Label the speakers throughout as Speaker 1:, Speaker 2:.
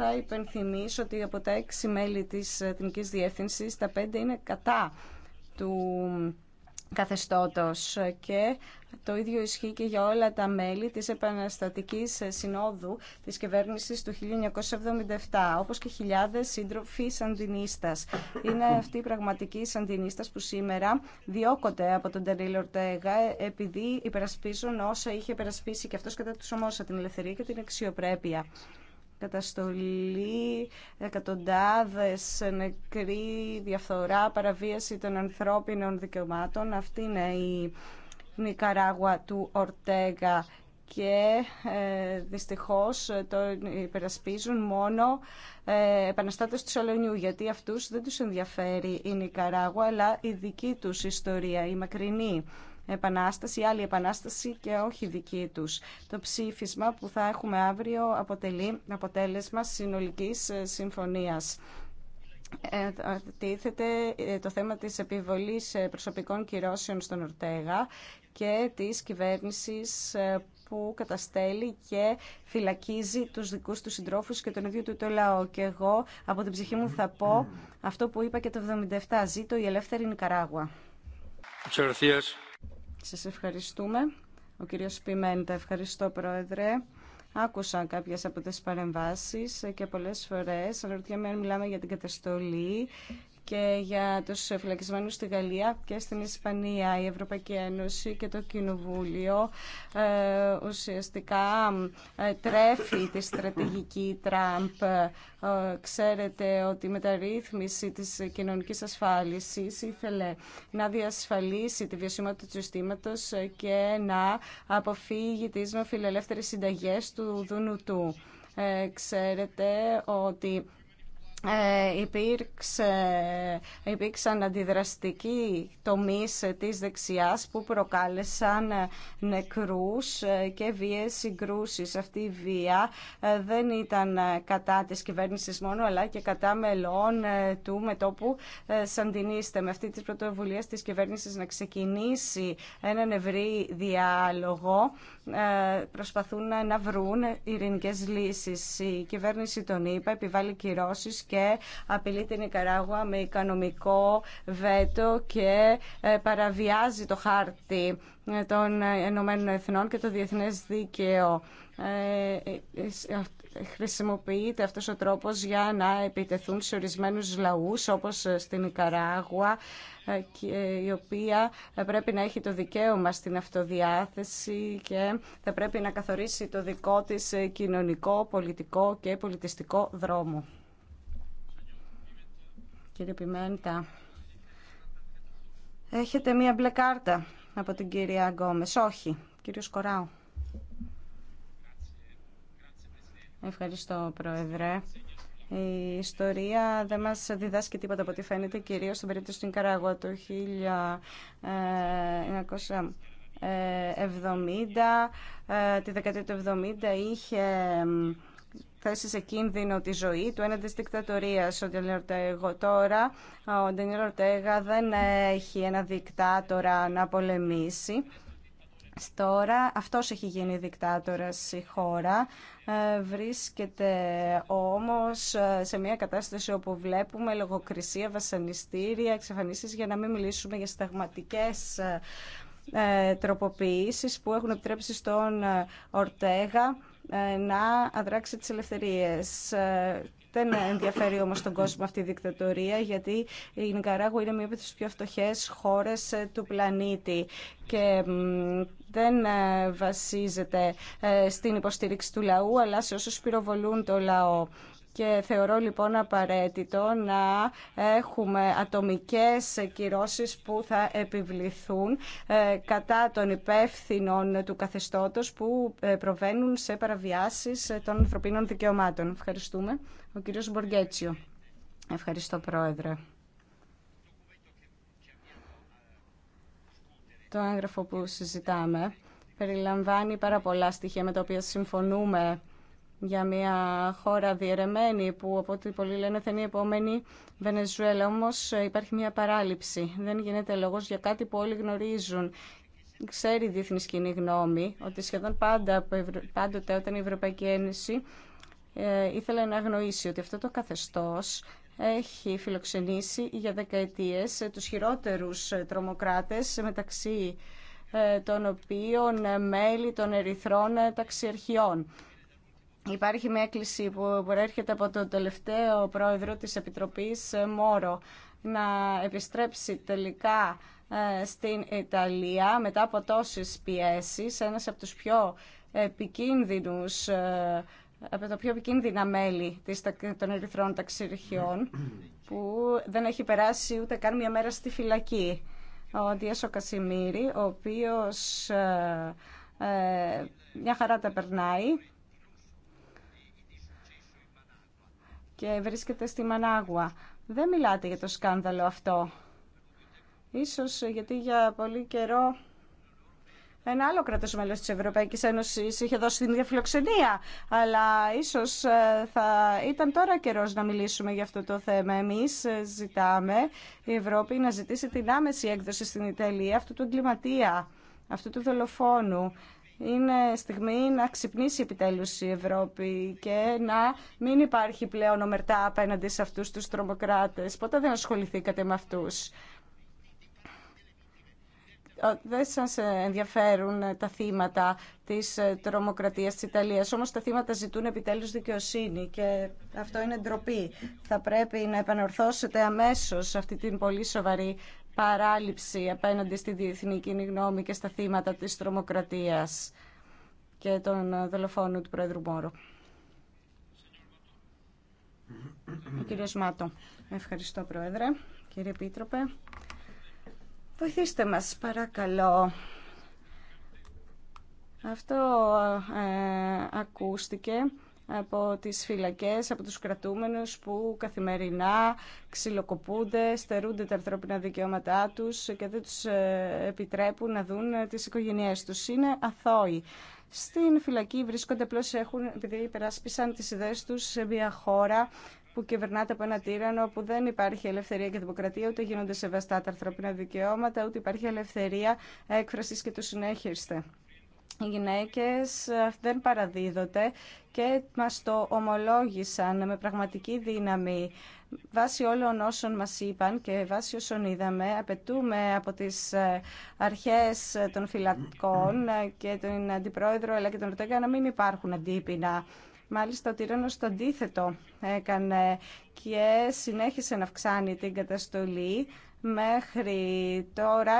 Speaker 1: θα υπενθυμίσω ότι από τα έξι μέλη της Εθνικής Διεύθυνσης, τα πέντε είναι κατά του καθεστώτος και το ίδιο ισχύει και για όλα τα μέλη της Επαναστατικής Συνόδου της κυβέρνησης του 1977, όπως και χιλιάδες σύντροφοι σαντινίστας. Είναι αυτοί οι πραγματικοί σαντινίστας που σήμερα διώκονται από τον Τελή Ορτέγα επειδή υπερασπίζουν όσα είχε υπερασπίσει και αυτός κατά τους ομόσα την ελευθερία και την αξιοπρέπεια καταστολή, εκατοντάδες νεκροί, διαφθορά, παραβίαση των ανθρώπινων δικαιωμάτων. Αυτή είναι η Νικαράγουα του Ορτέγα και ε, δυστυχώς το υπερασπίζουν μόνο ε, επαναστάτες του Σαλονιού γιατί αυτούς δεν τους ενδιαφέρει η Νικαράγουα αλλά η δική τους ιστορία, η μακρινή επανάσταση, άλλη επανάσταση και όχι δική τους. Το ψήφισμα που θα έχουμε αύριο αποτελεί αποτέλεσμα συνολικής ε, συμφωνίας. Ε, τίθεται ε, το θέμα της επιβολής προσωπικών κυρώσεων στον Ορτέγα και της κυβέρνησης που καταστέλει και φυλακίζει τους δικούς του συντρόφους και τον ίδιο του το λαό. Και εγώ από την ψυχή μου θα πω αυτό που είπα και το 77. Ζήτω η ελεύθερη Νικαράγουα. Σας ευχαριστούμε. Ο κύριος Πιμέντα, ευχαριστώ Πρόεδρε. Άκουσα κάποιες από τις παρεμβάσεις και πολλές φορές αναρωτιέμαι αν μιλάμε για την καταστολή και για τους φυλακισμένους στη Γαλλία και στην Ισπανία. Η Ευρωπαϊκή Ένωση και το Κοινοβούλιο ε, ουσιαστικά ε, τρέφει τη στρατηγική Τραμπ. Ε, ξέρετε ότι η μεταρρύθμιση της κοινωνικής ασφάλισης ήθελε να διασφαλίσει τη βιωσιμότητα του συστήματος και να αποφύγει τις νοφιλελεύθερες συνταγές του Δουνουτού. Ξέρετε ότι ε, υπήρξε, υπήρξαν αντιδραστικοί τομείς της δεξιάς που προκάλεσαν νεκρούς ε, και βίες συγκρούσεις. Αυτή η βία ε, δεν ήταν κατά της κυβέρνησης μόνο αλλά και κατά μελών του μετόπου Σαντινίστε. Με αυτή τη πρωτοβουλία της κυβέρνησης να ξεκινήσει έναν ευρύ διάλογο προσπαθούν να βρουν ειρηνικές λύσεις. Η κυβέρνηση τον ΗΠΑ επιβάλλει κυρώσεις και απειλεί την Ικαράγουα με οικονομικό βέτο και ε, παραβιάζει το χάρτη ε, των ε, Ηνωμένων Εθνών και το διεθνές δίκαιο. Χρησιμοποιείται αυτός ο τρόπος για να επιτεθούν σε ορισμένους λαούς όπως στην Ικαράγουα η οποία πρέπει να έχει το δικαίωμα στην αυτοδιάθεση και θα πρέπει να καθορίσει το δικό της κοινωνικό, πολιτικό και πολιτιστικό δρόμο. Κύριε Πιμέντα, έχετε μία μπλε κάρτα από την κυρία Γκόμες. Όχι, κύριο Σκοράου. Ευχαριστώ, Πρόεδρε. Η ιστορία δεν μας διδάσκει τίποτα από ό,τι φαίνεται, κυρίως στην περίπτωση του Ικαράγουα το 1970. τη δεκαετία του 70 είχε θέσει σε κίνδυνο τη ζωή του έναντι τη δικτατορία. Ο Ντανιέλ Ορτέγα τώρα, ο Ορτέγα δεν έχει ένα δικτάτορα να πολεμήσει. Τώρα αυτός έχει γίνει δικτάτορας η χώρα. Ε, βρίσκεται όμως ε, σε μια κατάσταση όπου βλέπουμε λογοκρισία, βασανιστήρια, εξαφανίσεις για να μην μιλήσουμε για σταγματικές ε, τροποποιήσεις που έχουν επιτρέψει στον Ορτέγα ε, να αδράξει τις ελευθερίες. Ε, δεν ενδιαφέρει όμως τον κόσμο αυτή η δικτατορία γιατί η Νικαράγου είναι μία από τις πιο φτωχές χώρες ε, του πλανήτη και δεν βασίζεται στην υποστήριξη του λαού αλλά σε όσους πυροβολούν το λαό. Και θεωρώ λοιπόν απαραίτητο να έχουμε ατομικές κυρώσεις που θα επιβληθούν ε, κατά των υπεύθυνων του καθεστώτος που ε, προβαίνουν σε παραβιάσεις των ανθρωπίνων δικαιωμάτων. Ευχαριστούμε. Ο κύριος Μποργέτσιο. Ευχαριστώ Πρόεδρε. Το έγγραφο που συζητάμε περιλαμβάνει πάρα πολλά στοιχεία με τα οποία συμφωνούμε για μια χώρα διαιρεμένη που από ό,τι πολλοί λένε θα είναι η επόμενη Βενεζουέλα. Όμως ε, υπάρχει μια παράληψη. Δεν γίνεται λόγος για κάτι που όλοι γνωρίζουν. Ξέρει η διεθνή κοινή γνώμη ότι σχεδόν πάντα, πάντοτε όταν η Ευρωπαϊκή Ένωση ε, ήθελε να γνωρίσει ότι αυτό το καθεστώς έχει φιλοξενήσει για δεκαετίες ε, τους χειρότερους ε, τρομοκράτες μεταξύ των οποίων μέλη των ερυθρών ταξιαρχιών. Υπάρχει μια έκκληση που προέρχεται από τον τελευταίο πρόεδρο της Επιτροπής ε, Μόρο να επιστρέψει τελικά ε, στην Ιταλία μετά από τόσες πιέσεις, ένας από τους πιο επικίνδυνους ε, από το πιο επικίνδυνα μέλη των ερυθρών ταξιρχιών που δεν έχει περάσει ούτε καν μια μέρα στη φυλακή. Ο Διέσο Κασιμίρη, ο οποίος μια χαρά τα περνάει και βρίσκεται στη Μανάγουα. Δεν μιλάτε για το σκάνδαλο αυτό. Ίσως γιατί για πολύ καιρό ένα άλλο κράτος μέλος της Ευρωπαϊκής Ένωσης είχε δώσει την ίδια Αλλά ίσως ε, θα ήταν τώρα καιρός να μιλήσουμε για αυτό το θέμα. Εμείς ε, ζητάμε η Ευρώπη να ζητήσει την άμεση έκδοση στην Ιταλία αυτού του εγκληματία, αυτού του δολοφόνου. Είναι στιγμή να ξυπνήσει επιτέλους η Ευρώπη και να μην υπάρχει πλέον ομερτά απέναντι σε αυτούς τους τρομοκράτες. Ποτέ δεν ασχοληθήκατε με αυτούς. Δεν σας ενδιαφέρουν τα θύματα της ε, τρομοκρατίας της Ιταλίας, όμως τα θύματα ζητούν επιτέλους δικαιοσύνη και αυτό είναι ντροπή. Θα πρέπει να επανορθώσετε αμέσως αυτή την πολύ σοβαρή παράληψη απέναντι στη διεθνή κοινή γνώμη και στα θύματα της τρομοκρατίας και των ε, δολοφόνων του Πρόεδρου Μόρου. Ο κύριος Ευχαριστώ, Πρόεδρε. Κύριε Επίτροπε, βοηθήστε μας, παρακαλώ. Αυτό ε, ακούστηκε από τις φυλακές, από τους κρατούμενους που καθημερινά ξυλοκοπούνται, στερούνται τα ανθρώπινα δικαιώματά τους και δεν τους ε, επιτρέπουν να δουν ε, τις οικογένειές τους. Είναι αθώοι. Στην φυλακή βρίσκονται απλώ έχουν, επειδή υπεράσπισαν τις ιδέες τους σε μια χώρα που κυβερνάται από ένα τύρανο που δεν υπάρχει ελευθερία και δημοκρατία, ούτε γίνονται σεβαστά τα ανθρώπινα δικαιώματα, ούτε υπάρχει ελευθερία έκφρασης και το συνέχιστε οι γυναίκες ε, δεν παραδίδονται και μας το ομολόγησαν με πραγματική δύναμη. Βάσει όλων όσων μας είπαν και βάσει όσων είδαμε, απαιτούμε από τις ε, αρχές των φυλακών ε, και τον Αντιπρόεδρο αλλά και τον Ρωτέγκα να μην υπάρχουν αντίπεινα. Μάλιστα, ο Τύρανος το αντίθετο έκανε και συνέχισε να αυξάνει την καταστολή μέχρι τώρα,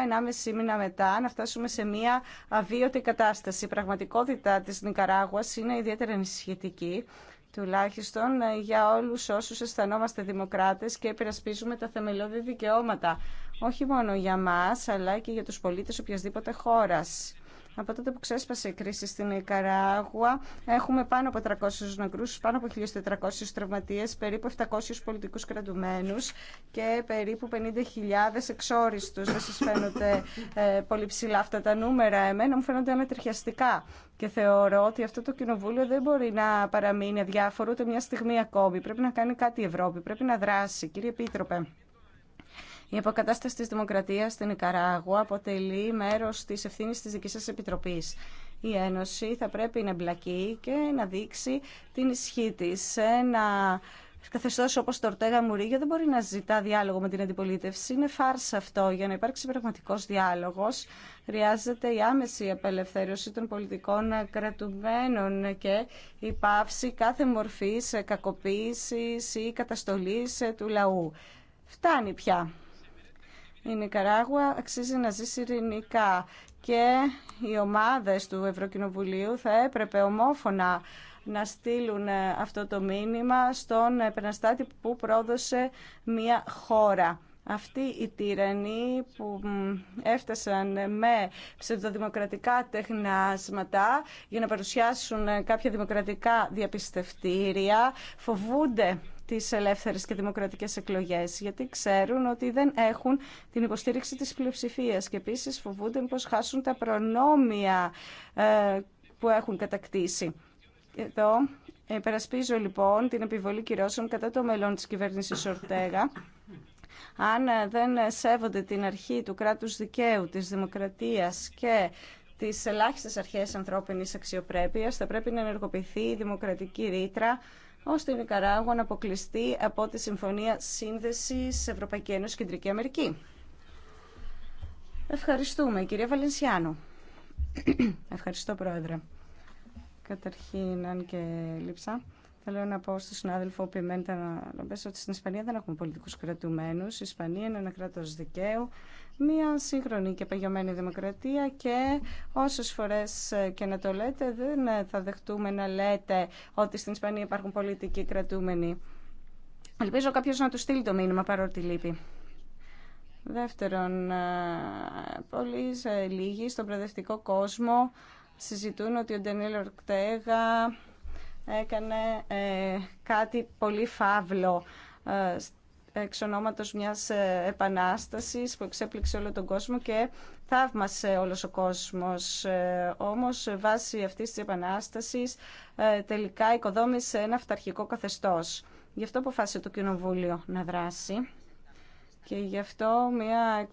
Speaker 1: 1,5 μήνα μετά, να φτάσουμε σε μια αβίωτη κατάσταση. Η πραγματικότητα της Νικαράγουας είναι ιδιαίτερα ενισχυτική τουλάχιστον ε, για όλους όσους αισθανόμαστε δημοκράτες και επερασπίζουμε τα θεμελιώδη δικαιώματα, όχι μόνο για μας, αλλά και για τους πολίτες οποιασδήποτε χώρας. Από τότε που ξέσπασε η κρίση στην Ικαράγουα, έχουμε πάνω από 300 νεκρούς, πάνω από 1.400 τραυματίες, περίπου 700 πολιτικούς κρατουμένους και περίπου 50.000 εξόριστους. Δεν σας φαίνονται ε, πολύ ψηλά αυτά τα νούμερα. Εμένα μου φαίνονται ανατριχιαστικά. Και θεωρώ ότι αυτό το κοινοβούλιο δεν μπορεί να παραμείνει αδιάφορο ούτε μια στιγμή ακόμη. Πρέπει να κάνει κάτι η Ευρώπη, πρέπει να δράσει. Κύριε Επίτροπε. Η αποκατάσταση της δημοκρατίας στην Ικαράγουα αποτελεί μέρος της ευθύνης της δικής σας επιτροπής. Η Ένωση θα πρέπει να εμπλακεί και να δείξει την ισχύ της. Ένα καθεστώ όπω το Ορτέγα Μουρίγιο δεν μπορεί να ζητά διάλογο με την αντιπολίτευση. Είναι φάρσα αυτό. Για να υπάρξει πραγματικό διάλογο, χρειάζεται η άμεση απελευθέρωση των πολιτικών κρατουμένων και η πάυση κάθε μορφή κακοποίηση ή καταστολή του λαού. Φτάνει πια η Νικαράγουα αξίζει να ζήσει ειρηνικά και οι ομάδες του Ευρωκοινοβουλίου θα έπρεπε ομόφωνα να στείλουν ε, αυτό το μήνυμα στον επεναστάτη που πρόδωσε μια χώρα. Αυτοί οι τύρανοι που έφτασαν με ψευδοδημοκρατικά τεχνάσματα για να παρουσιάσουν ε, κάποια δημοκρατικά διαπιστευτήρια φοβούνται τις ελεύθερες και δημοκρατικές εκλογές, γιατί ξέρουν ότι δεν έχουν την υποστήριξη της πλειοψηφίας και επίσης φοβούνται πως χάσουν τα προνόμια ε, που έχουν κατακτήσει. Εδώ υπερασπίζω λοιπόν την επιβολή κυρώσεων κατά το μελών της κυβέρνησης Ορτέγα, αν ε, δεν σέβονται την αρχή του κράτους δικαίου, της δημοκρατίας και τις ελάχιστες αρχές ανθρώπινης αξιοπρέπειας, θα πρέπει να ενεργοποιηθεί η δημοκρατική ρήτρα ώστε η Νικαράγουα να αποκλειστεί από τη Συμφωνία Σύνδεσης Ευρωπαϊκή Ένωση Κεντρική Αμερική. Ευχαριστούμε. Κυρία Βαλενσιάνο. Ευχαριστώ, Πρόεδρε. Καταρχήν, αν και λείψα, θέλω να πω στον συνάδελφο που εμένει να πέσω ότι στην Ισπανία δεν έχουμε πολιτικούς κρατουμένους. Η Ισπανία είναι ένα κράτος δικαίου μια σύγχρονη και παγιωμένη δημοκρατία και όσες φορές και να το λέτε δεν θα δεχτούμε να λέτε ότι στην Ισπανία υπάρχουν πολιτικοί κρατούμενοι. Ελπίζω κάποιο να του στείλει το μήνυμα παρότι λείπει. Δεύτερον, πολλοί λίγοι στον προοδευτικό κόσμο συζητούν ότι ο Ντενίλ Ορκτέγα έκανε ε, κάτι πολύ φαύλο ε, εξ ονόματος μιας ε, επανάστασης που εξέπληξε όλο τον κόσμο και θαύμασε όλος ο κόσμος. Ε, όμως βάσει αυτής της επανάστασης ε, τελικά οικοδόμησε ένα αυταρχικό καθεστώς. Γι' αυτό αποφάσισε το Κοινοβούλιο να δράσει και γι' αυτό μια,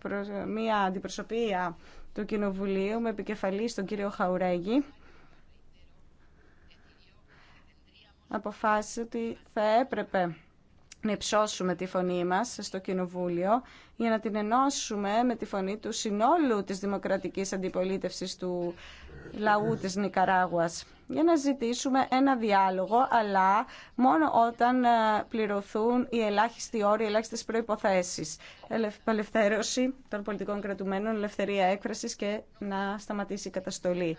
Speaker 1: μια αντιπροσωπεία του Κοινοβουλίου με επικεφαλή στον κύριο Χαουρέγη αποφάσισε ότι θα έπρεπε να υψώσουμε τη φωνή μας στο Κοινοβούλιο για να την ενώσουμε με τη φωνή του συνόλου της δημοκρατικής αντιπολίτευσης του λαού της Νικαράγουας για να ζητήσουμε ένα διάλογο, αλλά μόνο όταν ε, πληρωθούν οι ελάχιστοι όροι, οι ελάχιστες προϋποθέσεις. Ελευθέρωση των πολιτικών κρατουμένων, ελευθερία έκφρασης και να σταματήσει η καταστολή.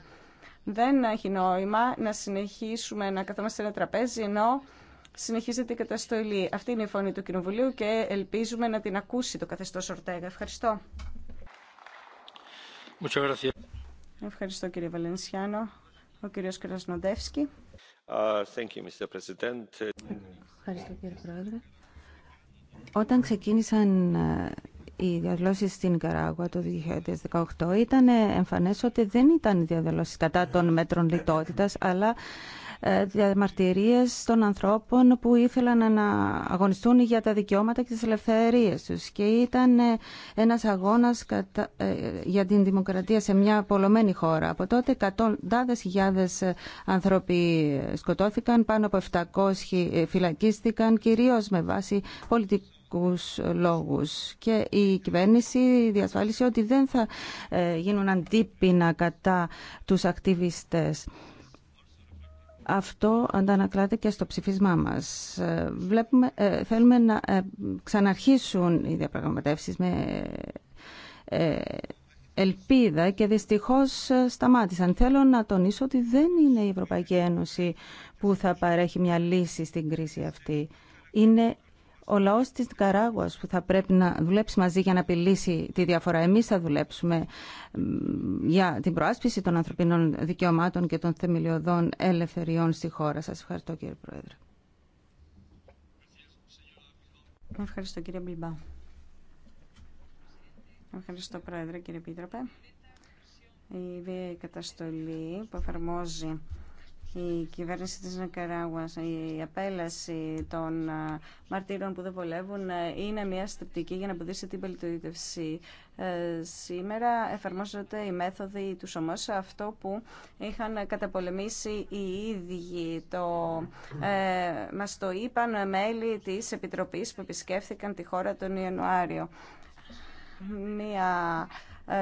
Speaker 1: Δεν έχει νόημα να συνεχίσουμε να καθόμαστε σε ένα τραπέζι, ενώ συνεχίζεται η καταστολή. Αυτή είναι η φωνή του Κοινοβουλίου και ελπίζουμε να την ακούσει το καθεστώ Ορτέγα. Ευχαριστώ. Ευχαριστώ κύριε Βαλενσιάνο. Ο κύριος Κρασνοντεύσκη.
Speaker 2: Uh, thank you, Mr. President.
Speaker 1: Ευχαριστώ
Speaker 3: κύριε Πρόεδρε. Όταν ξεκίνησαν ε, οι διαδηλώσει στην Καράγουα το 2018 ήταν ε, εμφανές ότι δεν ήταν διαδηλώσει κατά των μέτρων λιτότητας, αλλά ε, Διαμαρτυρίε των ανθρώπων που ήθελαν να αγωνιστούν για τα δικαιώματα και τι ελευθερίε του. Και ήταν ε, ένας αγώνας ε, για την δημοκρατία σε μια απολωμένη χώρα. Από τότε εκατοντάδε χιλιάδε άνθρωποι σκοτώθηκαν, πάνω από 700 φυλακίστηκαν, κυρίως με βάση πολιτική λόγους και η κυβέρνηση διασφάλισε ότι δεν θα γίνουν αντίπεινα κατά τους ακτιβιστές. Αυτό αντανακλάται και στο ψηφισμά μας. Ε, βλέπουμε, ε, θέλουμε να ε, ξαναρχίσουν οι διαπραγματεύσεις με ελπίδα και δυστυχώς σταμάτησαν. Θέλω να τονίσω ότι δεν είναι η Ευρωπαϊκή Ένωση που θα παρέχει μια λύση στην κρίση αυτή. Είναι ο λαό τη Νικαράγουα που θα πρέπει να δουλέψει μαζί για να απειλήσει τη διαφορά. εμεί θα δουλέψουμε για την προάσπιση των ανθρωπινών δικαιωμάτων και των θεμελιωδών ελευθεριών στη χώρα. Σα ευχαριστώ κύριε Πρόεδρε.
Speaker 1: Ευχαριστώ κύριε Μπιλμπά. Ευχαριστώ Πρόεδρε κύριε Πίτροπε. Η καταστολή που εφαρμόζει η κυβέρνηση της Νακαράγουας, η απέλαση των ε, μαρτύρων που δεν βολεύουν ε, είναι μια στεπτική για να εμποδίσει την πολιτοίτευση. Ε, σήμερα εφαρμόζονται οι μέθοδοι του ΣΟΜΟΣ, αυτό που είχαν καταπολεμήσει οι ίδιοι. Το, ε, μας το είπαν μέλη της Επιτροπής που επισκέφθηκαν τη χώρα τον Ιανουάριο. Μια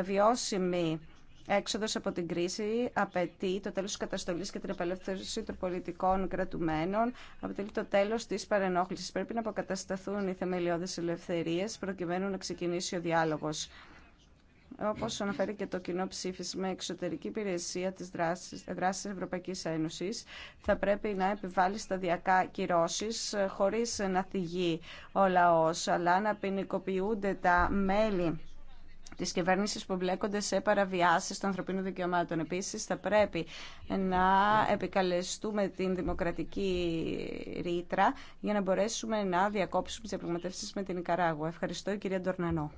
Speaker 1: βιώσιμη έξοδος από την κρίση απαιτεί το τέλος της καταστολής και την απελευθέρωση των πολιτικών κρατουμένων, αποτελεί το τέλος της παρενόχλησης. Πρέπει να αποκατασταθούν οι θεμελιώδεις ελευθερίες προκειμένου να ξεκινήσει ο διάλογος. Όπω αναφέρει και το κοινό ψήφισμα, η εξωτερική υπηρεσία τη δράση τη Ευρωπαϊκή Ένωση θα πρέπει να επιβάλλει σταδιακά κυρώσει ε, χωρί να θυγεί ο λαό, αλλά να ποινικοποιούνται τα μέλη τις κυβέρνησεις που μπλέκονται σε παραβιάσεις των ανθρωπίνων δικαιωμάτων. Επίσης, θα πρέπει να επικαλεστούμε την δημοκρατική ρήτρα για να μπορέσουμε να διακόψουμε τις διαπραγματεύσεις με την Ικαράγουα. Ευχαριστώ, κυρία Ντορνανό.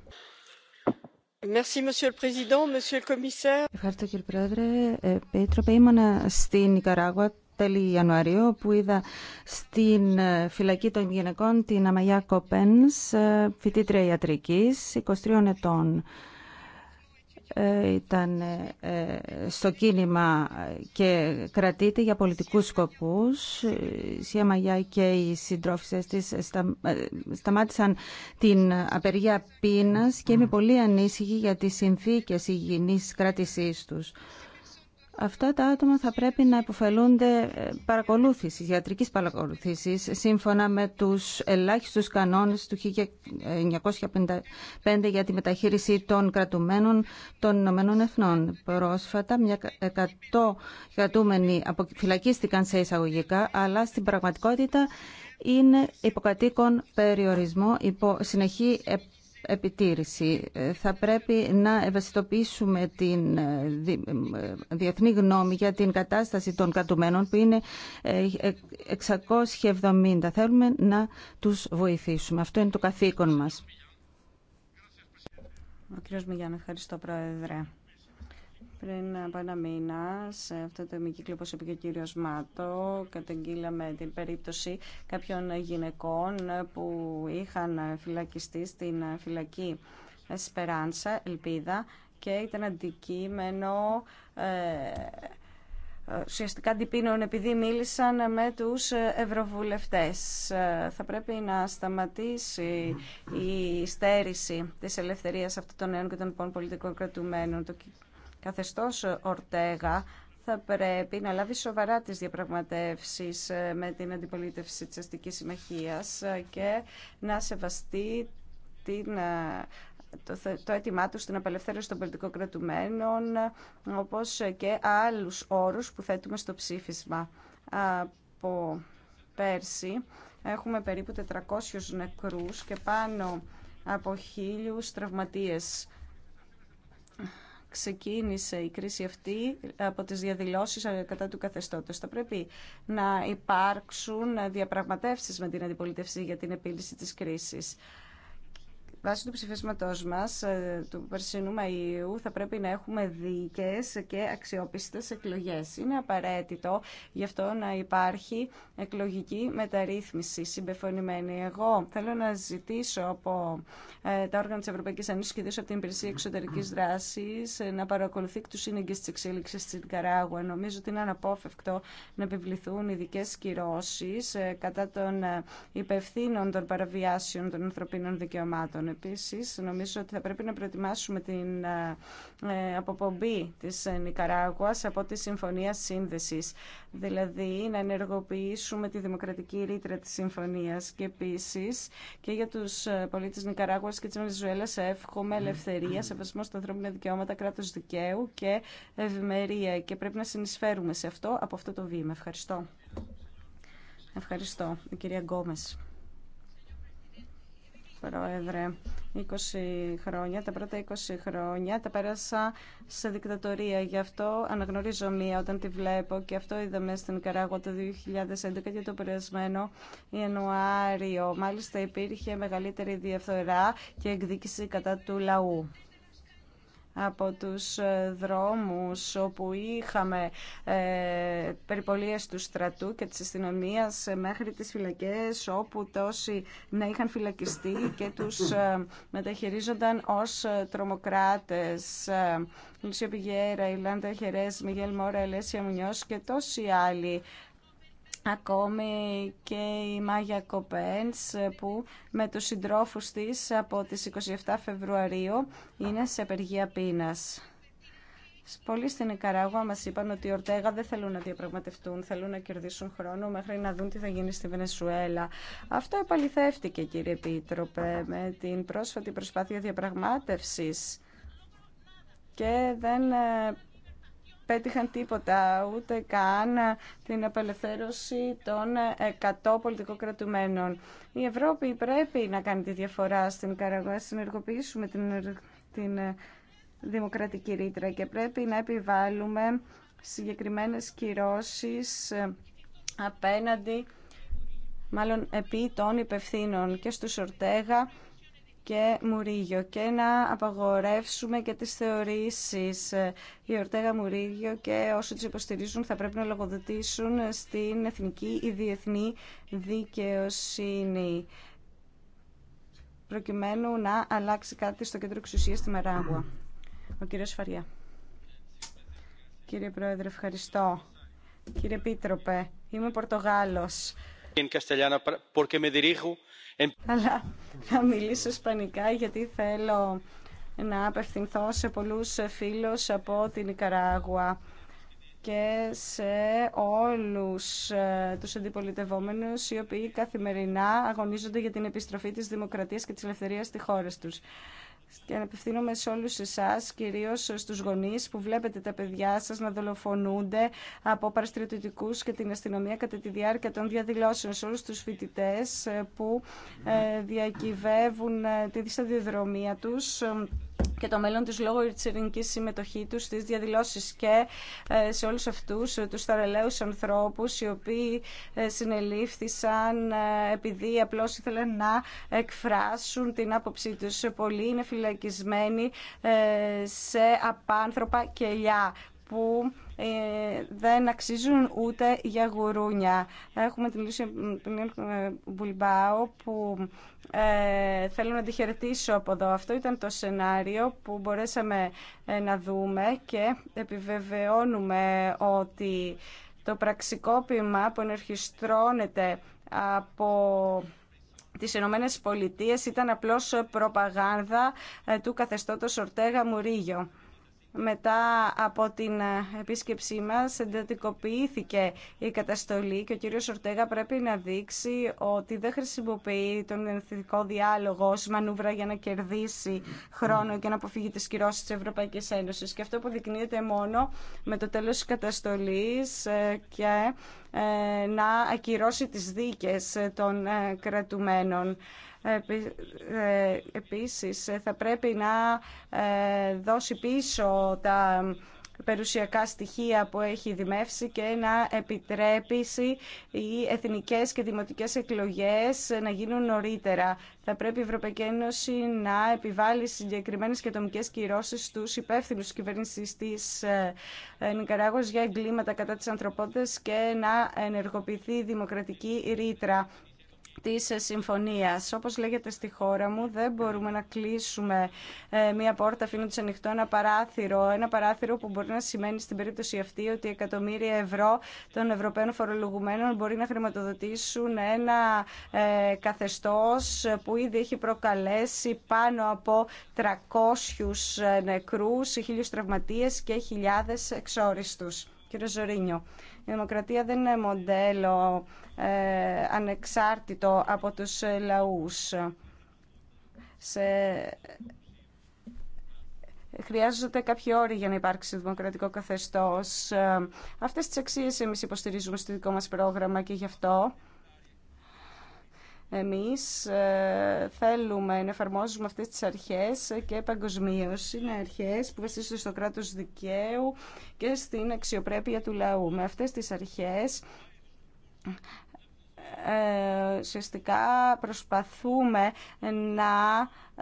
Speaker 1: Ευχαριστώ
Speaker 3: κύριε Πρόεδρε. Ε, Επίτροπε, ήμουνα στην Ικαράγουα τέλη Ιανουαρίου που είδα στην ε, φυλακή των γυναικών την Αμαγιά Κοπένς, ε, φοιτήτρια ιατρικής, 23 ετών. Ε, ήταν στο κίνημα και κρατείται για πολιτικούς σκοπούς. Η Αμαγιά και οι συντρόφισσες της σταμάτησαν την απεργία πείνας και είμαι πολύ ανήσυχη για τις συνθήκες υγιεινής κράτησής τους. Αυτά τα άτομα θα πρέπει να υποφελούνται ε, παρακολούθησης, ιατρικής παρακολούθησης, σύμφωνα με τους ελάχιστους κανόνες του 1955 για τη μεταχείριση των κρατουμένων των Ηνωμένων Εθνών. Πρόσφατα, μια 100 κρατούμενοι φυλακίστηκαν σε εισαγωγικά, αλλά στην πραγματικότητα είναι υποκατοίκον περιορισμό υπό συνεχή επιτήρηση. Ε, θα πρέπει να ευαισθητοποιήσουμε την ε, ε, διεθνή γνώμη για την κατάσταση των κατουμένων που είναι 670. Θέλουμε να τους βοηθήσουμε. Αυτό είναι το καθήκον μας.
Speaker 1: Ο κύριος Μηγιάννη, ευχαριστώ Πρόεδρε. Πριν από ένα μήνα, σε αυτό το ημικύκλιο, όπως είπε και ο κύριος Μάτο, καταγγείλαμε την περίπτωση κάποιων γυναικών που είχαν φυλακιστεί στην φυλακή Εσπεράνσα, Ελπίδα, και ήταν αντικείμενο ε, ουσιαστικά αντιπίνων επειδή μίλησαν με τους ευρωβουλευτές. Ε, θα πρέπει να σταματήσει η στέρηση της ελευθερίας αυτών των νέων και των λοιπόν πολιτικών κρατουμένων καθεστώς Ορτέγα θα πρέπει να λάβει σοβαρά τις διαπραγματεύσεις ε, με την αντιπολίτευση της Αστικής Συμμαχίας ε, και να σεβαστεί την ε, το αίτημά του στην απελευθέρωση των πολιτικών κρατουμένων, όπως και άλλους όρους που θέτουμε στο ψήφισμα. Από πέρσι έχουμε περίπου 400 νεκρούς και πάνω από χίλιους τραυματίες ξεκίνησε η κρίση αυτή από τις διαδηλώσεις ε, κατά του καθεστώτος. Θα πρέπει να υπάρξουν ε, διαπραγματεύσεις με την αντιπολίτευση για την επίλυση της κρίσης. Βάσει του ψηφίσματός μα, ε, του περσινού Μαΐου θα πρέπει να έχουμε δίκαιες και αξιοπιστέ εκλογέ. Είναι απαραίτητο γι' αυτό να υπάρχει εκλογική μεταρρύθμιση συμπεφωνημένη. Εγώ θέλω να ζητήσω από ε, τα όργανα τη Ευρωπαϊκή Ένωση και ιδίω από την Υπηρεσία εξωτερική δράση ε, να παρακολουθεί του σύνεγγες τη εξέλιξη στην Καράγουα. Νομίζω ότι είναι αναπόφευκτο να επιβληθούν ειδικέ κυρώσεις κατά των υπευθύνων των παραβιάσεων των ανθρωπίνων δικαιωμάτων. Επίσης, νομίζω ότι θα πρέπει να προετοιμάσουμε την ε, ε, αποπομπή της ε, Νικαράγουας από τη Συμφωνία Σύνδεσης. Δηλαδή, να ενεργοποιήσουμε τη δημοκρατική ρήτρα της Συμφωνίας. Και επίσης, και για τους πολίτες Νικαράγουας και της Βενεζουέλας εύχομαι ελευθερία, σεβασμό στα ανθρώπινα δικαιώματα, κράτος δικαίου και ευημερία. Και πρέπει να συνεισφέρουμε σε αυτό από αυτό το βήμα. Ευχαριστώ. Ευχαριστώ, κυρία Γκόμες. Πρόεδρε. 20 χρόνια, τα πρώτα 20 χρόνια τα πέρασα σε δικτατορία. Γι' αυτό αναγνωρίζω μία όταν τη βλέπω και αυτό είδαμε στην Καράγω το 2011 και το περασμένο Ιανουάριο. Μάλιστα υπήρχε μεγαλύτερη διαφθορά και εκδίκηση κατά του λαού από τους ε, δρόμους όπου είχαμε ε, περιπολίες του στρατού και της αστυνομία ε, μέχρι τις φυλακές όπου τόσοι να είχαν φυλακιστεί και τους ε, μεταχειρίζονταν ως τρομοκράτες. Λούσιο Πιγέρα, Ιλάντα Χερές, Μιγέλ Μόρα, Ελέσια Μουνιός και τόσοι άλλοι Ακόμη και η Μάγια Κοπένς που με τους συντρόφους της από τις 27 Φεβρουαρίου είναι σε απεργία πείνας. Πολλοί στην Ικαράγουα μας είπαν ότι οι Ορτέγα δεν θέλουν να διαπραγματευτούν, θέλουν να κερδίσουν χρόνο μέχρι να δουν τι θα γίνει στη Βενεσουέλα. Αυτό επαληθεύτηκε κύριε Επίτροπε με την πρόσφατη προσπάθεια διαπραγμάτευσης και δεν ε, πέτυχαν τίποτα, ούτε καν την απελευθέρωση των 100 κρατουμένων. Η Ευρώπη πρέπει να κάνει τη διαφορά στην Καραγουά, να συνεργοποιήσουμε την, την ε, δημοκρατική ρήτρα και πρέπει να επιβάλλουμε συγκεκριμένες κυρώσεις ε, απέναντι, μάλλον επί των υπευθύνων και στους Ορτέγα και Μουρίγιο και να απαγορεύσουμε και τις θεωρήσεις. Η Ορτέγα Μουρίγιο και όσοι τις υποστηρίζουν θα πρέπει να λογοδοτήσουν στην εθνική ή διεθνή δικαιοσύνη προκειμένου να αλλάξει κάτι στο κέντρο εξουσίας στη Μεράγουα. Ο κύριος Φαριά. Κύριε Πρόεδρε, ευχαριστώ. Κύριε Πίτροπε, είμαι Πορτογάλος αλλά θα μιλήσω ισπανικά γιατί θέλω να απευθυνθώ σε πολλούς φίλους από την Ικαράγουα και σε όλους ε, τους αντιπολιτευόμενους οι οποίοι καθημερινά αγωνίζονται για την επιστροφή της δημοκρατίας και της ελευθερίας στη χώρα τους και να απευθύνομαι σε όλους εσάς, κυρίως στους γονείς που βλέπετε τα παιδιά σας να δολοφονούνται από παραστριωτικού και την αστυνομία κατά τη διάρκεια των διαδηλώσεων, σε όλους τους φοιτητέ ε, που ε, διακυβεύουν ε, τη σταδιοδρομία τους και το μέλλον τους λόγω της ειρηνικής συμμετοχή τους στις διαδηλώσεις και σε όλους αυτούς τους θαραλέου ανθρώπους οι οποίοι συνελήφθησαν επειδή απλώς ήθελαν να εκφράσουν την άποψή τους. Πολλοί φυλακισμένοι ε, σε απάνθρωπα κελιά που ε, δεν αξίζουν ούτε για γουρούνια. Έχουμε την Λούσια ε, Μπουλμπάου που ε, θέλω να τη χαιρετήσω από εδώ. Αυτό ήταν το σενάριο που μπορέσαμε να δούμε και επιβεβαιώνουμε ότι το πραξικόπημα που ενορχιστρώνεται από τις Ηνωμένε Πολιτείες ήταν απλώς προπαγάνδα ε, του καθεστώτος Ορτέγα Μουρίγιο μετά από την ε, επίσκεψή μας εντατικοποιήθηκε η καταστολή και ο κύριος Ορτέγα πρέπει να δείξει ότι δεν χρησιμοποιεί τον ενθετικό διάλογο ως μανούβρα για να κερδίσει χρόνο και να αποφύγει τις κυρώσεις της Ευρωπαϊκής Ένωσης. Και αυτό αποδεικνύεται μόνο με το τέλος της καταστολής ε, και ε, να ακυρώσει τις δίκες των κρατουμένων. Ε, επίσης, θα πρέπει να ε, δώσει πίσω τα περιουσιακά στοιχεία που έχει δημεύσει και να επιτρέψει οι εθνικές και δημοτικές εκλογές να γίνουν νωρίτερα. Θα πρέπει η Ευρωπαϊκή Ένωση να επιβάλλει συγκεκριμένες και ατομικές κυρώσεις στους υπεύθυνους κυβέρνησης της ε, Νικαράγος για εγκλήματα κατά της ανθρωπότητας και να ενεργοποιηθεί η δημοκρατική ρήτρα της συμφωνίας. Όπως λέγεται στη χώρα μου, δεν μπορούμε να κλείσουμε ε, μία πόρτα αφήνοντας ανοιχτό ένα παράθυρο. Ένα παράθυρο που μπορεί να σημαίνει στην περίπτωση αυτή ότι εκατομμύρια ευρώ των Ευρωπαίων φορολογουμένων μπορεί να χρηματοδοτήσουν ένα ε, καθεστώς που ήδη έχει προκαλέσει πάνω από 300 ε, νεκρούς, 1.000 τραυματίες και χιλιάδες εξόριστους. Κύριε Ζωρίνιο, η δημοκρατία δεν είναι μοντέλο ε, ανεξάρτητο από τους λαούς. Σε... Χρειάζονται κάποιοι όροι για να υπάρξει δημοκρατικό καθεστώς. Ε, αυτές τις αξίες εμείς υποστηρίζουμε στο δικό μας πρόγραμμα και γι' αυτό εμείς ε, θέλουμε να εφαρμόζουμε αυτές τις αρχές και παγκοσμίω. Είναι αρχές που βασίζονται στο κράτος δικαίου και στην αξιοπρέπεια του λαού. Με αυτές τις αρχές ε, ουσιαστικά προσπαθούμε να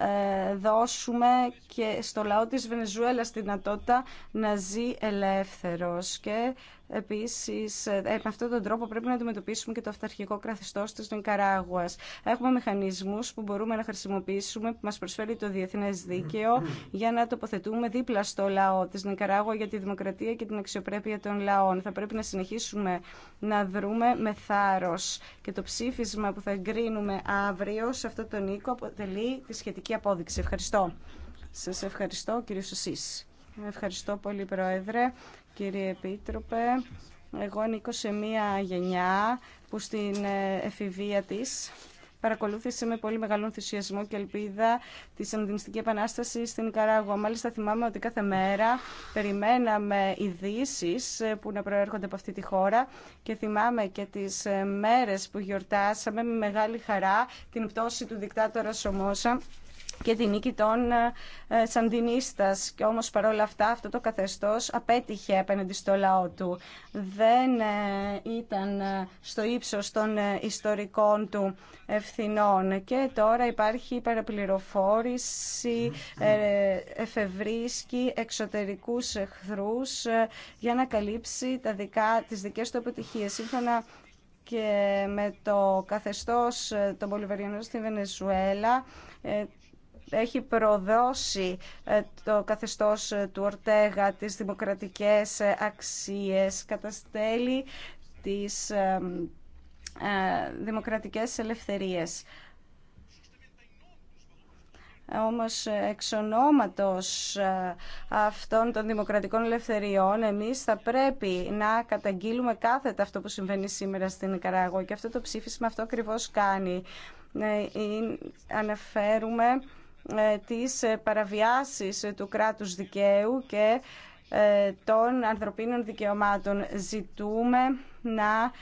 Speaker 1: ε, δώσουμε και στο λαό της Βενεζουέλας τη δυνατότητα να ζει ελεύθερος και Επίσης, ε, με αυτόν τον τρόπο πρέπει να αντιμετωπίσουμε και το αυταρχικό καθεστώ τη Νικαράγουα. Έχουμε μηχανισμού που μπορούμε να χρησιμοποιήσουμε, που μα προσφέρει το διεθνέ δίκαιο, για να τοποθετούμε δίπλα στο λαό τη Νικαράγουα για τη δημοκρατία και την αξιοπρέπεια των λαών. Θα πρέπει να συνεχίσουμε να δρούμε με θάρρο Και το ψήφισμα που θα εγκρίνουμε αύριο σε αυτόν τον οίκο αποτελεί τη σχετική απόδειξη. Ευχαριστώ. Σα ευχαριστώ, κύριο Σωσή. Ευχαριστώ πολύ, Πρόεδρε, κύριε Επίτροπε. Εγώ ανήκω σε μία γενιά που στην ε, εφηβεία της παρακολούθησε με πολύ μεγάλο ενθουσιασμό και ελπίδα τη Σανδινιστική Επανάσταση στην Καράγουα. Μάλιστα, θυμάμαι ότι κάθε μέρα περιμέναμε ειδήσει ε, που να προέρχονται από αυτή τη χώρα και θυμάμαι και τι ε, μέρες που γιορτάσαμε με μεγάλη χαρά την πτώση του δικτάτορα Σομόσα και τη νίκη των ε, ε, Και όμως παρόλα αυτά αυτό το καθεστώς απέτυχε απέναντι στο λαό του. Δεν ε, ήταν στο ύψος των ιστορικών του ευθυνών. Και τώρα υπάρχει παραπληροφόρηση εφευρίσκει εξωτερικούς εχθρούς για να καλύψει τα δικά, τις δικές του αποτυχίες Σύμφωνα και με το καθεστώς των Πολυβεριανών στη Βενεζουέλα, έχει προδώσει ε, το καθεστώς ε, του Ορτέγα τις δημοκρατικές ε, αξίες, καταστέλει τις δημοκρατικές ελευθερίες. Όμως εξ ονόματος αυτών των δημοκρατικών ελευθεριών εμείς θα πρέπει να καταγγείλουμε κάθετα αυτό που συμβαίνει σήμερα στην Καραγό και αυτό το ψήφισμα αυτό ακριβώς κάνει. Αναφέρουμε ε, τις ε, παραβιάσεις ε, του κράτους δικαίου και των ανθρωπίνων δικαιωμάτων. Ζητούμε να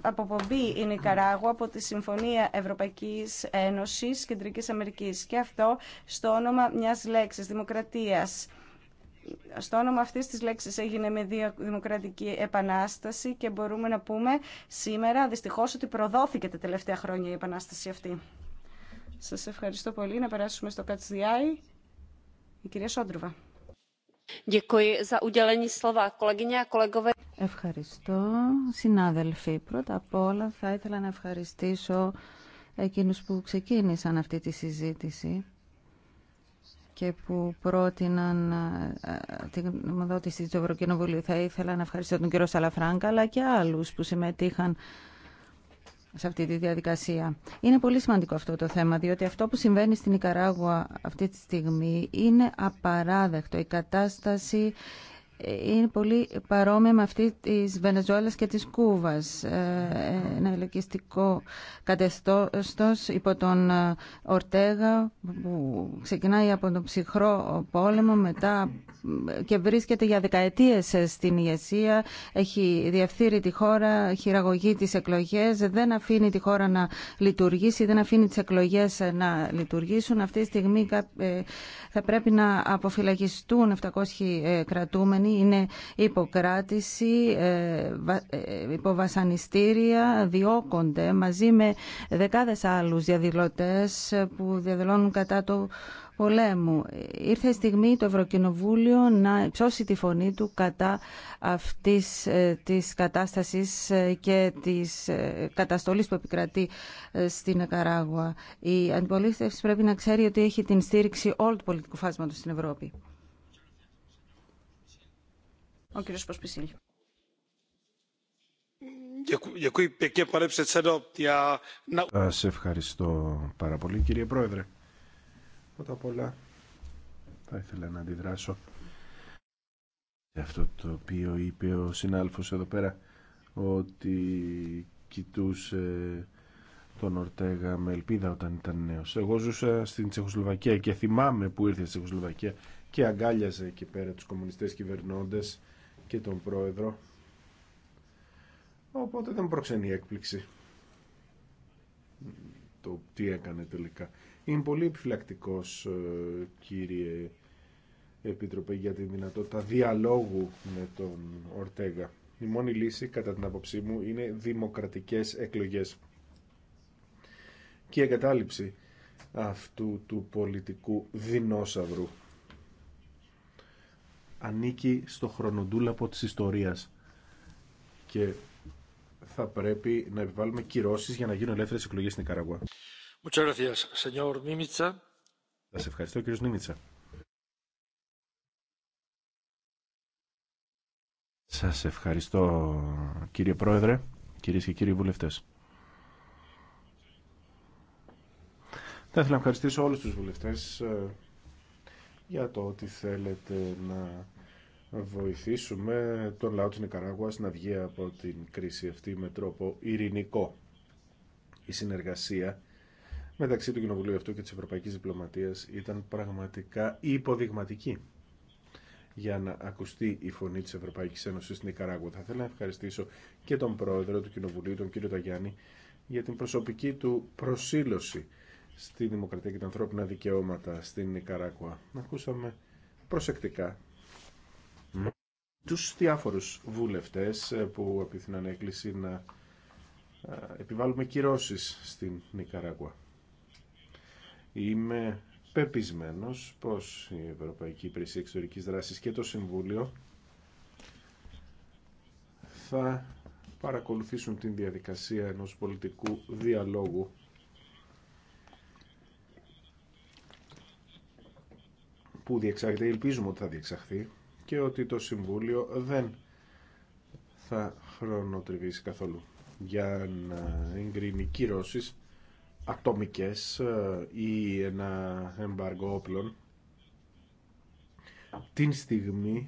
Speaker 1: αποπομπεί η Νικαράγου από τη Συμφωνία Ευρωπαϊκής Ένωσης Κεντρικής Αμερικής και αυτό στο όνομα μιας λέξης δημοκρατίας. Στο όνομα αυτής της λέξης έγινε με δημοκρατική επανάσταση και μπορούμε να πούμε σήμερα δυστυχώς ότι προδόθηκε τα τελευταία χρόνια η επανάσταση αυτή. Σας ευχαριστώ πολύ. Να περάσουμε στο ΚΑΤΣΔΙ. Η κυρία Σόντρουβα.
Speaker 3: Ευχαριστώ, συνάδελφοι. Πρώτα απ' όλα θα ήθελα να ευχαριστήσω εκείνους που ξεκίνησαν αυτή τη συζήτηση και που πρότειναν ε, την γνωμοδότηση του Ευρωκοινοβουλίου. Θα ήθελα να ευχαριστήσω τον κύριο Σαλαφράγκα αλλά και άλλους που συμμετείχαν σε αυτή τη διαδικασία. Είναι πολύ σημαντικό αυτό το θέμα, διότι αυτό που συμβαίνει στην Ικαράγουα αυτή τη στιγμή είναι απαράδεκτο. Η κατάσταση είναι πολύ παρόμοια με αυτή της Βενεζουέλας και της Κούβας. Ε, ένα ελεκιστικό κατεστώς υπό τον ε, Ορτέγα που ξεκινάει από τον ψυχρό πόλεμο μετά ε, και βρίσκεται για δεκαετίες στην ηγεσία. Έχει διευθύνει τη χώρα, χειραγωγεί τις εκλογές, δεν αφήνει τη χώρα να λειτουργήσει, δεν αφήνει τις εκλογές να λειτουργήσουν. Αυτή τη στιγμή θα πρέπει να αποφυλακιστούν 700 κρατούμενοι είναι υποκράτηση, ε, ε, υποβασανιστήρια, διώκονται μαζί με δεκάδες άλλους διαδηλωτές που διαδηλώνουν κατά το πολέμου. Ήρθε η στιγμή το Ευρωκοινοβούλιο να υψώσει τη φωνή του κατά αυτής ε, της κατάστασης και της καταστολής που επικρατεί στην Εκαράγουα. Η αντιπολίτευση πρέπει να ξέρει ότι έχει την στήριξη όλου του πολιτικού φάσματος στην Ευρώπη. Ο κύριος
Speaker 4: Σας ευχαριστώ πάρα πολύ κύριε Πρόεδρε. Πρώτα απ' όλα θα ήθελα να αντιδράσω σε αυτό το οποίο είπε ο συνάλφος εδώ πέρα ότι κοιτούσε τον Ορτέγα με ελπίδα όταν ήταν νέος. Εγώ ζούσα στην Τσεχοσλοβακία και θυμάμαι που ήρθε στην Τσεχοσλοβακία και αγκάλιαζε εκεί πέρα τους κομμουνιστές κυβερνώντες και τον πρόεδρο. Οπότε δεν προξενεί έκπληξη το τι έκανε τελικά. Είμαι πολύ επιφυλακτικός ε, κύριε Επίτροπε για τη δυνατότητα διαλόγου με τον Ορτέγα. Η μόνη λύση κατά την άποψή μου είναι δημοκρατικές εκλογές και η εγκατάλειψη αυτού του πολιτικού δεινόσαυρου ανήκει στο χρονοτούλαπο της ιστορίας και θα πρέπει να επιβάλλουμε κυρώσεις για να γίνουν ελεύθερες εκλογές στην Καραγουά. Σας ευχαριστώ κύριος Νίμιτσα. Σας ευχαριστώ κύριε Πρόεδρε, κυρίες και κύριοι βουλευτές. Θα ήθελα να ευχαριστήσω όλους τους βουλευτές ε, για το ότι θέλετε να βοηθήσουμε τον λαό της Νικαράγουας να βγει από την κρίση αυτή με τρόπο ειρηνικό. Η συνεργασία μεταξύ του Κοινοβουλίου αυτού και της Ευρωπαϊκής Διπλωματίας ήταν πραγματικά υποδειγματική για να ακουστεί η φωνή της Ευρωπαϊκής Ένωσης στην Νικαράγουα. Θα ήθελα να ευχαριστήσω και τον πρόεδρο του Κοινοβουλίου, τον κύριο Ταγιάννη, για την προσωπική του προσήλωση στη δημοκρατία και τα ανθρώπινα δικαιώματα στην Νικαράκουα. Ακούσαμε προσεκτικά τους διάφορους βουλευτές ε, που επιθυναν έκκληση να ε, επιβάλλουμε κυρώσεις στην Νικαράγουα. Είμαι πεπισμένος πως η Ευρωπαϊκή Υπηρεσία Εξωτερικής Δράσης και το Συμβούλιο θα παρακολουθήσουν την διαδικασία ενός πολιτικού διαλόγου που διεξάγεται, ελπίζουμε ότι θα διεξαχθεί και ότι το Συμβούλιο δεν θα χρονοτριβήσει καθόλου για να εγκρίνει κυρώσει ατομικές ε, ή ένα εμπάργο όπλων την στιγμή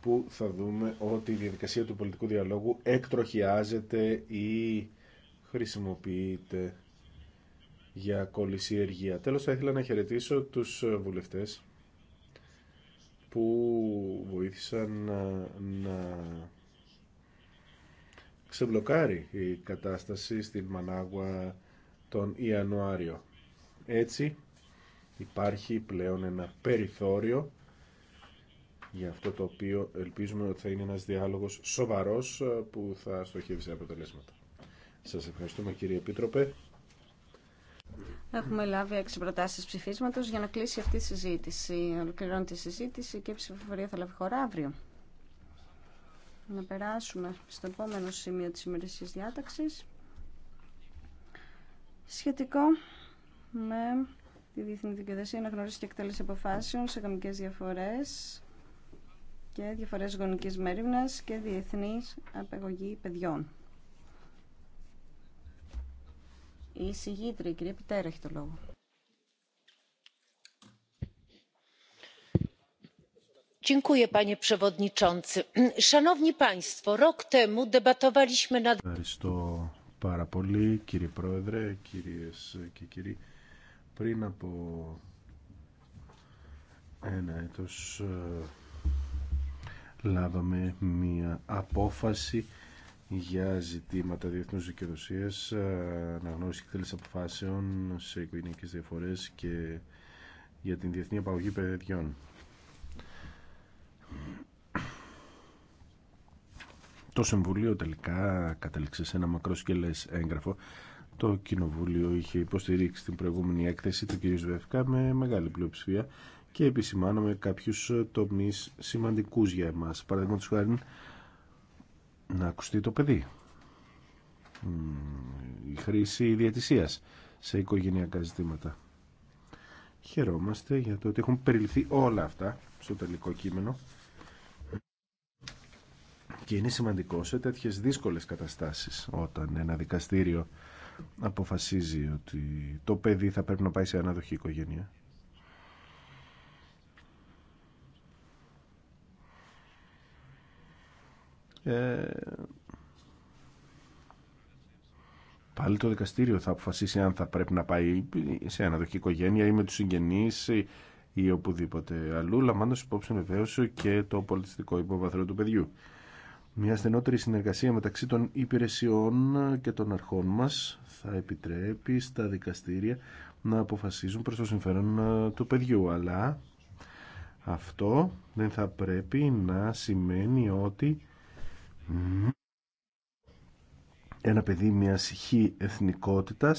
Speaker 4: που θα δούμε ότι η διαδικασία του πολιτικού διαλόγου εκτροχιάζεται ή χρησιμοποιείται για κολλησιεργία. Τέλος θα ήθελα να χαιρετήσω τους ε, βουλευτές που βοήθησαν να, να ξεμπλοκάρει η κατάσταση στην Μανάγουα τον Ιανουάριο. Έτσι υπάρχει πλέον ένα περιθώριο για αυτό το οποίο ελπίζουμε ότι θα είναι ένας διάλογος σοβαρός ε, που θα στοχεύσει αποτελέσματα. Σας ευχαριστούμε κύριε Επίτροπε.
Speaker 1: Έχουμε λάβει έξι προτάσει ψηφίσματος για να κλείσει αυτή η συζήτηση. Ολοκληρώνει τη συζήτηση και η ψηφοφορία θα λάβει χώρα αύριο. Να περάσουμε στο επόμενο σημείο της ημερήσια διάταξης σχετικό με τη Διεθνή Δικαιοδοσία γνωρίσει και εκτέλεση αποφάσεων σε καμικέ διαφορές και διαφορές γονική μέρημνα και διεθνή απεγωγή παιδιών. Η συγγήτρια, η κυρία Πιτέρα, έχει το λόγο.
Speaker 4: Ευχαριστώ πάρα πολύ, κύριε Πρόεδρε, κυρίες και κύριοι. Πριν από ένα έτος ε, λάβαμε μία απόφαση για ζητήματα διεθνούς δικαιοδοσίας, ε, αναγνώριση και εκτέλεση αποφάσεων σε οικογενειακές διαφορές και για την διεθνή απαγωγή παιδιών. Το Συμβουλίο τελικά κατέληξε σε ένα μακρό έγγραφο. Το Κοινοβούλιο είχε υποστηρίξει την προηγούμενη έκθεση του κ. Βεύκα με μεγάλη πλειοψηφία και επισημάνομαι κάποιους τομείς σημαντικούς για εμάς. Παραδείγματος χάρη να ακουστεί το παιδί. Η χρήση διατησίας σε οικογενειακά ζητήματα. Χαιρόμαστε για το ότι έχουν περιληφθεί όλα αυτά στο τελικό κείμενο και είναι σημαντικό σε τέτοιες δύσκολες καταστάσεις όταν ένα δικαστήριο αποφασίζει ότι το παιδί θα πρέπει να πάει σε ανάδοχη οικογένεια Ε, πάλι το δικαστήριο θα αποφασίσει αν θα πρέπει να πάει σε αναδοχή οικογένεια ή με τους συγγενείς ή, οπουδήποτε αλλού, λαμβάνοντας υπόψη βεβαίω και το πολιτιστικό υποβαθρό του παιδιού. Μια στενότερη συνεργασία μεταξύ των υπηρεσιών και των αρχών μας θα επιτρέπει στα δικαστήρια να αποφασίζουν προς το συμφέρον ε, του παιδιού, αλλά αυτό δεν θα πρέπει να σημαίνει ότι ένα παιδί μια χι εθνικότητα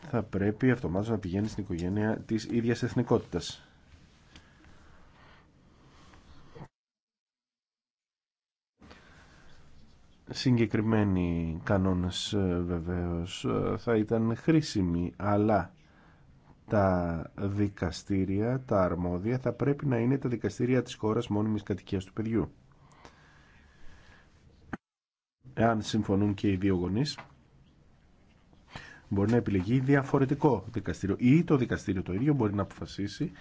Speaker 4: θα πρέπει αυτομάτως να πηγαίνει στην οικογένεια της ίδιας εθνικότητας. Συγκεκριμένοι κανόνες ε, βεβαίως ε, θα ήταν χρήσιμοι, αλλά τα δικαστήρια, τα αρμόδια, θα πρέπει να είναι τα δικαστήρια της χώρας μόνιμης κατοικίας του παιδιού εάν συμφωνούν και οι δύο γονεί μπορεί να επιλεγεί διαφορετικό δικαστήριο ή το δικαστήριο το ίδιο μπορεί να αποφασίσει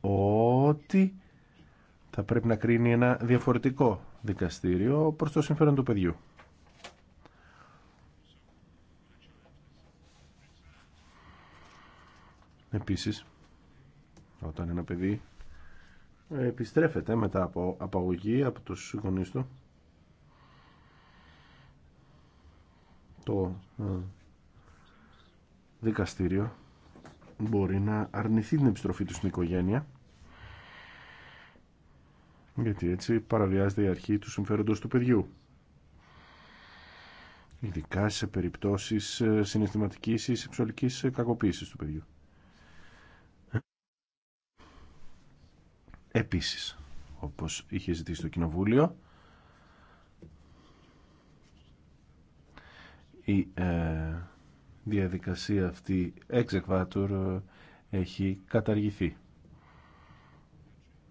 Speaker 4: ότι θα πρέπει να κρίνει ένα διαφορετικό δικαστήριο προς το συμφέρον του παιδιού. Επίσης, όταν ένα παιδί επιστρέφεται μετά από απαγωγή από τους γονείς του, το ε, δικαστήριο μπορεί να αρνηθεί την επιστροφή του στην οικογένεια γιατί έτσι παραβιάζεται η αρχή του συμφέροντος του παιδιού ειδικά σε περιπτώσεις ε, συναισθηματικής ή σεξουαλικής ε, κακοποίησης του παιδιού. Επίσης, όπως είχε ζητήσει το Κοινοβούλιο, η ε, διαδικασία αυτή εξεκβάτουρ έχει καταργηθεί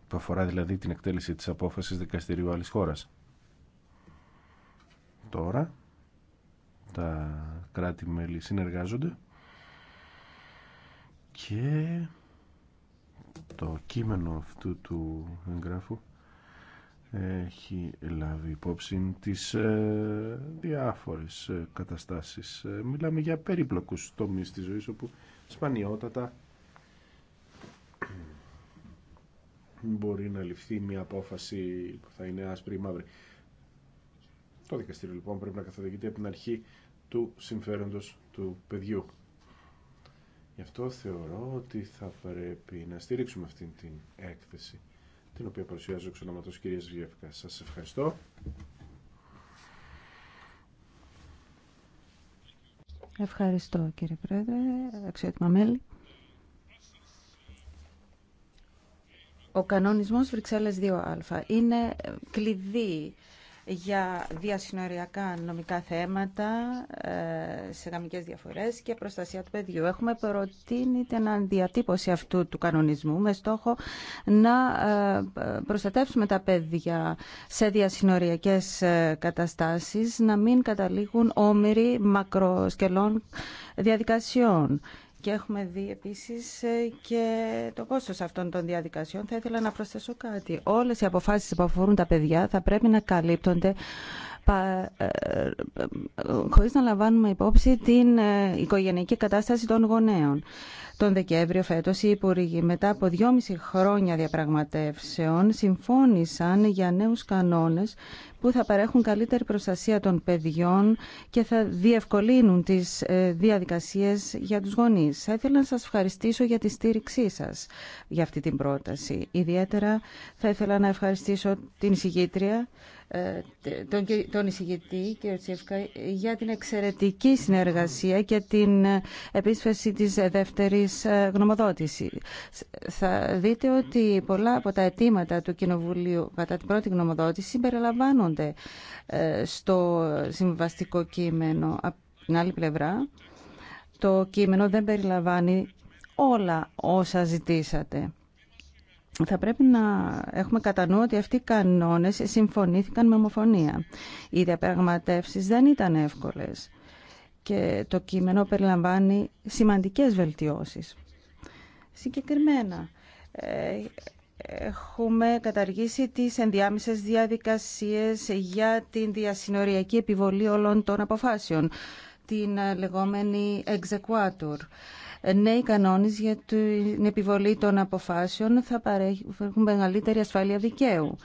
Speaker 4: που δηλαδή την εκτέλεση της απόφασης δικαστηρίου άλλης χώρας. Τώρα τα κράτη-μέλη συνεργάζονται και το κείμενο αυτού του εγγράφου έχει λάβει υπόψη τις ε, διάφορες ε, καταστάσεις. Ε, μιλάμε για περίπλοκους τομείς της ζωής όπου σπανιότατα μπορεί να ληφθεί μια απόφαση που θα είναι άσπρη ή μαύρη. Το δικαστήριο λοιπόν πρέπει να καθοδηγείται από την αρχή του συμφέροντος του παιδιού. Γι' αυτό θεωρώ ότι θα πρέπει να στηρίξουμε αυτή την έκθεση την οποία παρουσιάζω εξ ονόματος κυρίας Βιέφκα. Σας ευχαριστώ.
Speaker 3: Ευχαριστώ κύριε Πρόεδρε, αξιότιμα μέλη. Ο κανονισμός Βρυξέλλες 2α είναι κλειδί για διασυνοριακά νομικά θέματα ε, σε γαμικές διαφορές και προστασία του παιδιού. Έχουμε προτείνει την διατύπωση αυτού του κανονισμού με στόχο να ε, προστατεύσουμε τα παιδιά σε διασυνοριακές ε, καταστάσεις, να μην καταλήγουν όμοιροι μακροσκελών διαδικασιών και έχουμε δει επίση ε, και το κόστος αυτών των διαδικασιών. Θα ήθελα να προσθέσω κάτι. Όλες οι αποφάσεις που αφορούν τα παιδιά θα πρέπει να καλύπτονται ε, ε, χωρί να λαμβάνουμε υπόψη την οικογενειακή κατάσταση των γονέων. Τον Δεκέμβριο Φέτο οι Υπουργοί μετά από δυόμιση χρόνια διαπραγματεύσεων συμφώνησαν για νέους κανόνες που θα παρέχουν καλύτερη προστασία των παιδιών και θα διευκολύνουν τις ε, διαδικασίες για τους γονείς. Θα ήθελα να σας ευχαριστήσω για τη στήριξή σας για αυτή την πρόταση. Ιδιαίτερα θα ήθελα να ευχαριστήσω την εισηγήτρια, ε, τον, εισηγητή κ. Τσίφκα, για την εξαιρετική συνεργασία και την ε, επίσφαση της δεύτερης της ε, γνωμοδότησης. Θα δείτε ότι πολλά από τα αιτήματα του Κοινοβουλίου κατά την πρώτη γνωμοδότηση περιλαμβάνονται ε, στο συμβαστικό κείμενο. Από την άλλη πλευρά, το κείμενο δεν περιλαμβάνει όλα όσα ζητήσατε. Θα πρέπει να έχουμε κατά νου ότι αυτοί οι κανόνες συμφωνήθηκαν με ομοφωνία. Οι διαπραγματεύσεις δεν ήταν εύκολες και το κείμενο περιλαμβάνει σημαντικές βελτιώσεις. Συγκεκριμένα, ε, έχουμε καταργήσει τις ενδιάμεσες διαδικασίες για την διασυνοριακή επιβολή όλων των αποφάσεων, την ε, λεγόμενη exequatur. Ε, νέοι κανόνες για την επιβολή των αποφάσεων θα παρέχουν μεγαλύτερη ασφάλεια δικαίου.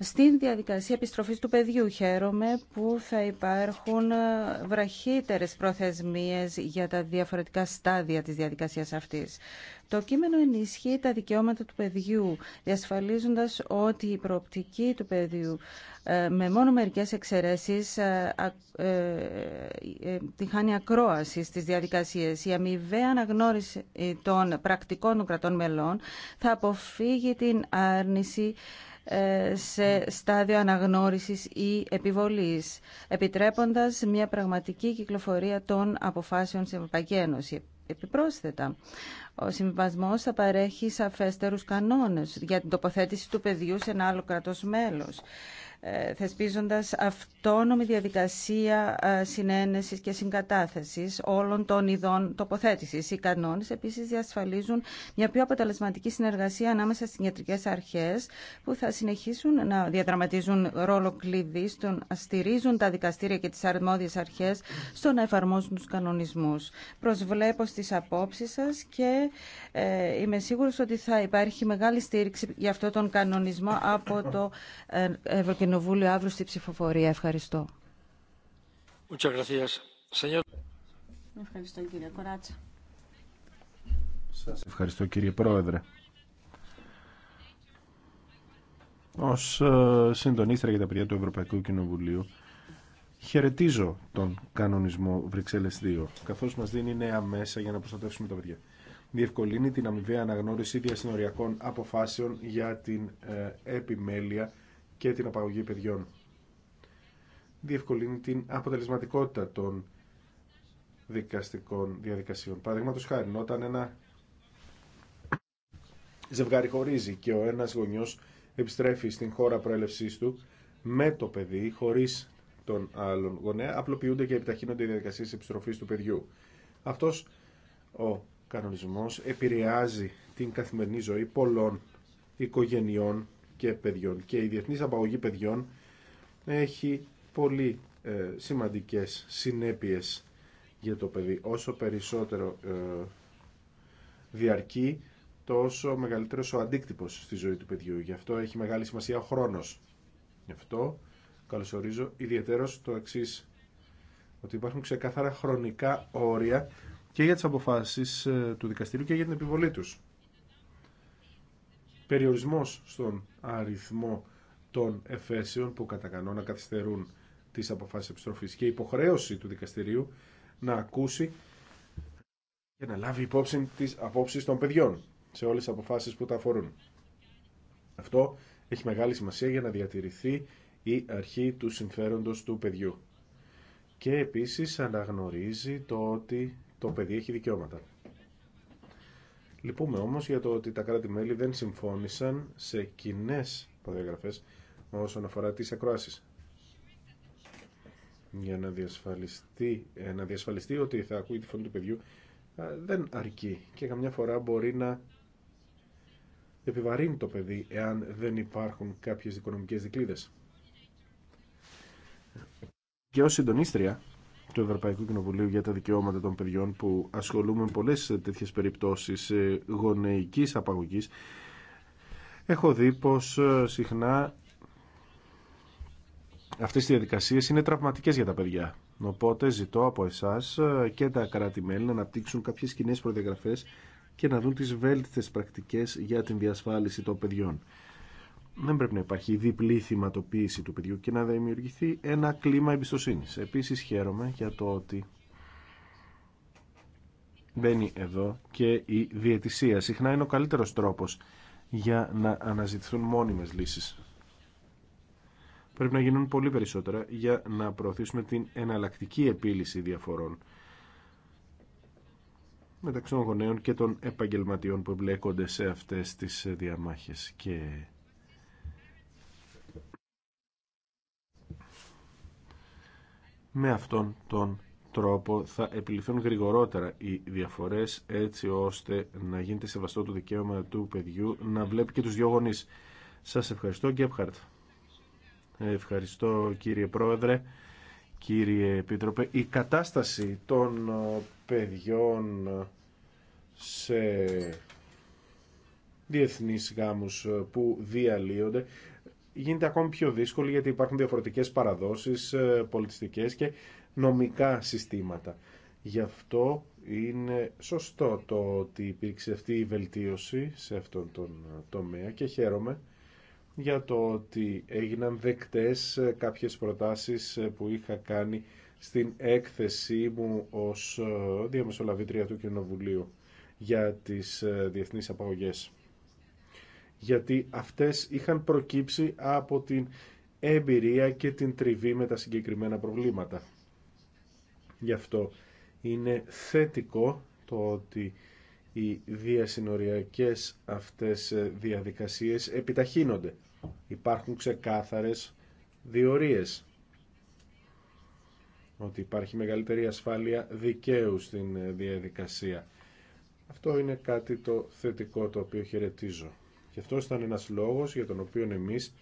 Speaker 3: Στην διαδικασία επιστροφής του παιδιού χαίρομαι που θα υπάρχουν ε, βραχύτερες προθεσμίες για τα διαφορετικά στάδια της διαδικασίας αυτής. Το κείμενο ενισχύει τα δικαιώματα του παιδιού, διασφαλίζοντας ότι η προοπτική του παιδιού, ε, με μόνο μερικές εξαιρέσεις, ε, τη χάνει ακρόαση στις διαδικασίες. Η αμοιβαία αναγνώριση των πρακτικών των κρατών μελών θα αποφύγει την άρνηση ε, σε στάδιο αναγνώρισης ή επιβολής, επιτρέποντας μια πραγματική κυκλοφορία των αποφάσεων στην Ευρωπαϊκή Επιπρόσθετα, ο συμβιβασμό θα παρέχει σαφέστερους κανόνες για την τοποθέτηση του παιδιού σε ένα άλλο κρατός μέλος ε, θεσπίζοντας αυτόνομη διαδικασία ε, συνένεσης και συγκατάθεσης όλων των ειδών τοποθέτησης. Οι κανόνες επίσης διασφαλίζουν μια πιο αποτελεσματική συνεργασία ανάμεσα στις ιατρικές αρχές που θα συνεχίσουν να διαδραματίζουν ρόλο κλειδί στο να στηρίζουν τα δικαστήρια και τις αρμόδιες αρχές στο να εφαρμόσουν τους κανονισμούς. Προσβλέπω στις απόψεις σας και ε, είμαι σίγουρος ότι θα υπάρχει μεγάλη στήριξη για αυτό τον κανονισμό από το ε, Κοινοβούλιο αύριο στη ψηφοφορία. Ευχαριστώ.
Speaker 1: Ευχαριστώ κύριε Κοράτσα. Σας
Speaker 4: ευχαριστώ κύριε Πρόεδρε. Ως ε, συντονίστρια για τα παιδιά του Ευρωπαϊκού Κοινοβουλίου χαιρετίζω τον κανονισμό Βρυξέλλες 2 καθώς μας δίνει νέα μέσα για να προστατεύσουμε τα παιδιά. Διευκολύνει την αμοιβαία αναγνώριση διασυνοριακών αποφάσεων για την ε, επιμέλεια και την απαγωγή παιδιών. Διευκολύνει την αποτελεσματικότητα των δικαστικών διαδικασιών. Παραδείγματο χάρη, όταν ένα ζευγάρι χωρίζει και ο ένας γονιός επιστρέφει στην χώρα πρόέλευσή του με το παιδί, χωρίς τον άλλον γονέα, απλοποιούνται και επιταχύνονται οι διαδικασίες επιστροφής του παιδιού. Αυτός ο κανονισμό επηρεάζει την καθημερινή ζωή πολλών οικογενειών και παιδιών. Και η διεθνής απαγωγή παιδιών έχει πολύ ε, σημαντικές συνέπειες για το παιδί. Όσο περισσότερο ε, διαρκεί, τόσο μεγαλύτερος ο αντίκτυπος στη ζωή του παιδιού. Γι' αυτό έχει μεγάλη σημασία ο χρόνος. Γι' αυτό καλωσορίζω ιδιαίτερο το εξή ότι υπάρχουν ξεκάθαρα χρονικά όρια και για τις αποφάσεις ε, του δικαστηρίου και για την επιβολή τους περιορισμός στον αριθμό των εφέσεων που κατά κανόνα καθυστερούν τις αποφάσεις επιστροφής και υποχρέωση του δικαστηρίου να ακούσει και να λάβει υπόψη τις απόψεις των παιδιών σε όλες τις αποφάσεις που τα αφορούν. Αυτό έχει μεγάλη σημασία για να διατηρηθεί η αρχή του συμφέροντος του παιδιού. Και επίσης αναγνωρίζει το ότι το παιδί έχει δικαιώματα. Λυπούμε όμως για το ότι τα κράτη-μέλη δεν συμφώνησαν σε κοινέ προδιαγραφές όσον αφορά τις ακροάσεις. Για να διασφαλιστεί, ε, να διασφαλιστεί ότι θα ακούει τη φωνή του παιδιού ε, δεν αρκεί και καμιά φορά μπορεί να επιβαρύνει το παιδί εάν δεν υπάρχουν κάποιες οικονομικές δικλείδες. Και ως συντονίστρια του Ευρωπαϊκού Κοινοβουλίου για τα δικαιώματα των παιδιών που ασχολούμαι με πολλές τέτοιες περιπτώσεις ε, γονεϊκής απαγωγής έχω δει πως ε, συχνά αυτές οι διαδικασίες είναι τραυματικές για τα παιδιά. Οπότε ζητώ από εσάς ε, και τα κράτη-μέλη να αναπτύξουν κάποιες κοινέ προδιαγραφές και να δουν τις βέλτιστες πρακτικές για την διασφάλιση των παιδιών δεν πρέπει να υπάρχει διπλή θυματοποίηση του παιδιού και να δημιουργηθεί ένα κλίμα εμπιστοσύνη. Επίσης χαίρομαι για το ότι μπαίνει εδώ και η διαιτησία. Συχνά είναι ο καλύτερος τρόπος για να αναζητηθούν μόνιμες λύσεις. Πρέπει να γίνουν πολύ περισσότερα για να προωθήσουμε την εναλλακτική επίλυση διαφορών μεταξύ των γονέων και των επαγγελματιών που εμπλέκονται σε αυτές τις διαμάχες και Με αυτόν τον τρόπο θα επιληθούν γρηγορότερα οι διαφορές έτσι ώστε να γίνεται σεβαστό το δικαίωμα του παιδιού να βλέπει και τους δυο γονείς. Σας ευχαριστώ Γκέπχαρτ. Ευχαριστώ κύριε Πρόεδρε, κύριε Επίτροπε. Η κατάσταση των ε, παιδιών ε, σε διεθνείς γάμους ε, που διαλύονται γίνεται ακόμη πιο δύσκολη γιατί υπάρχουν διαφορετικές παραδόσεις, ε, πολιτιστικές και νομικά συστήματα. Γι' αυτό είναι σωστό το ότι υπήρξε αυτή η βελτίωση σε αυτόν τον ε, τομέα και χαίρομαι για το ότι έγιναν δεκτές ε, κάποιες προτάσεις που είχα κάνει στην έκθεσή μου ως διαμεσολαβήτρια του Κοινοβουλίου για τις διεθνείς απαγωγές γιατί αυτές είχαν προκύψει από την εμπειρία και την τριβή με τα συγκεκριμένα προβλήματα. Γι' αυτό είναι θετικό το ότι οι διασυνοριακές αυτές ε, διαδικασίες επιταχύνονται. Υπάρχουν ξεκάθαρες διορίες ότι υπάρχει μεγαλύτερη ασφάλεια δικαίου στην ε, διαδικασία. Αυτό είναι κάτι το θετικό το οποίο χαιρετίζω. Και αυτό ήταν ένας λόγος για τον οποίο εμείς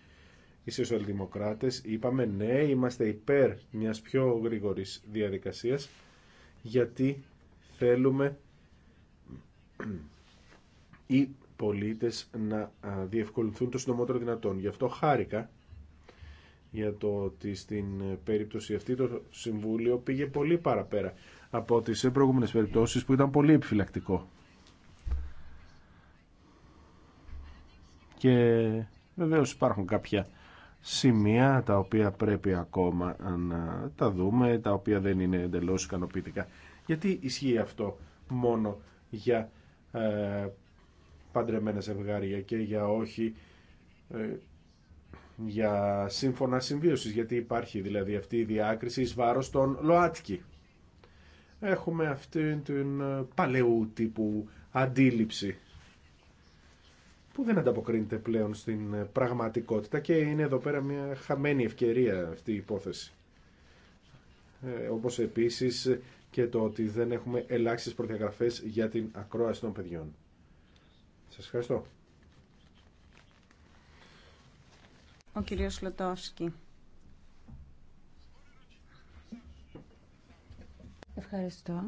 Speaker 4: οι σοσιαλδημοκράτε, είπαμε ναι, είμαστε υπέρ μιας πιο γρήγορη διαδικασίας γιατί θέλουμε οι πολίτες να διευκολυνθούν το συντομότερο δυνατόν. Γι' αυτό χάρηκα για το ότι στην ε, περίπτωση αυτή το Συμβούλιο πήγε πολύ παραπέρα από τις προηγούμενες περιπτώσεις που ήταν πολύ επιφυλακτικό. και βεβαίως υπάρχουν κάποια σημεία τα οποία πρέπει ακόμα να τα δούμε, τα οποία δεν είναι εντελώς ικανοποιητικά. Γιατί ισχύει αυτό μόνο για ε, παντρεμένα ζευγάρια και για όχι ε, για σύμφωνα συμβίωσης, γιατί υπάρχει δηλαδή αυτή η διάκριση εις βάρος των ΛΟΑΤΚΙ. Έχουμε αυτή την ε, παλαιού τύπου αντίληψη που δεν ανταποκρίνεται πλέον στην ε, πραγματικότητα και είναι εδώ πέρα μια χαμένη ευκαιρία αυτή η υπόθεση. Ε, όπως επίσης και το ότι δεν έχουμε ελάχιστες προδιαγραφές για την ακρόαση των παιδιών. Σας ευχαριστώ.
Speaker 1: Ο κύριος
Speaker 3: Ευχαριστώ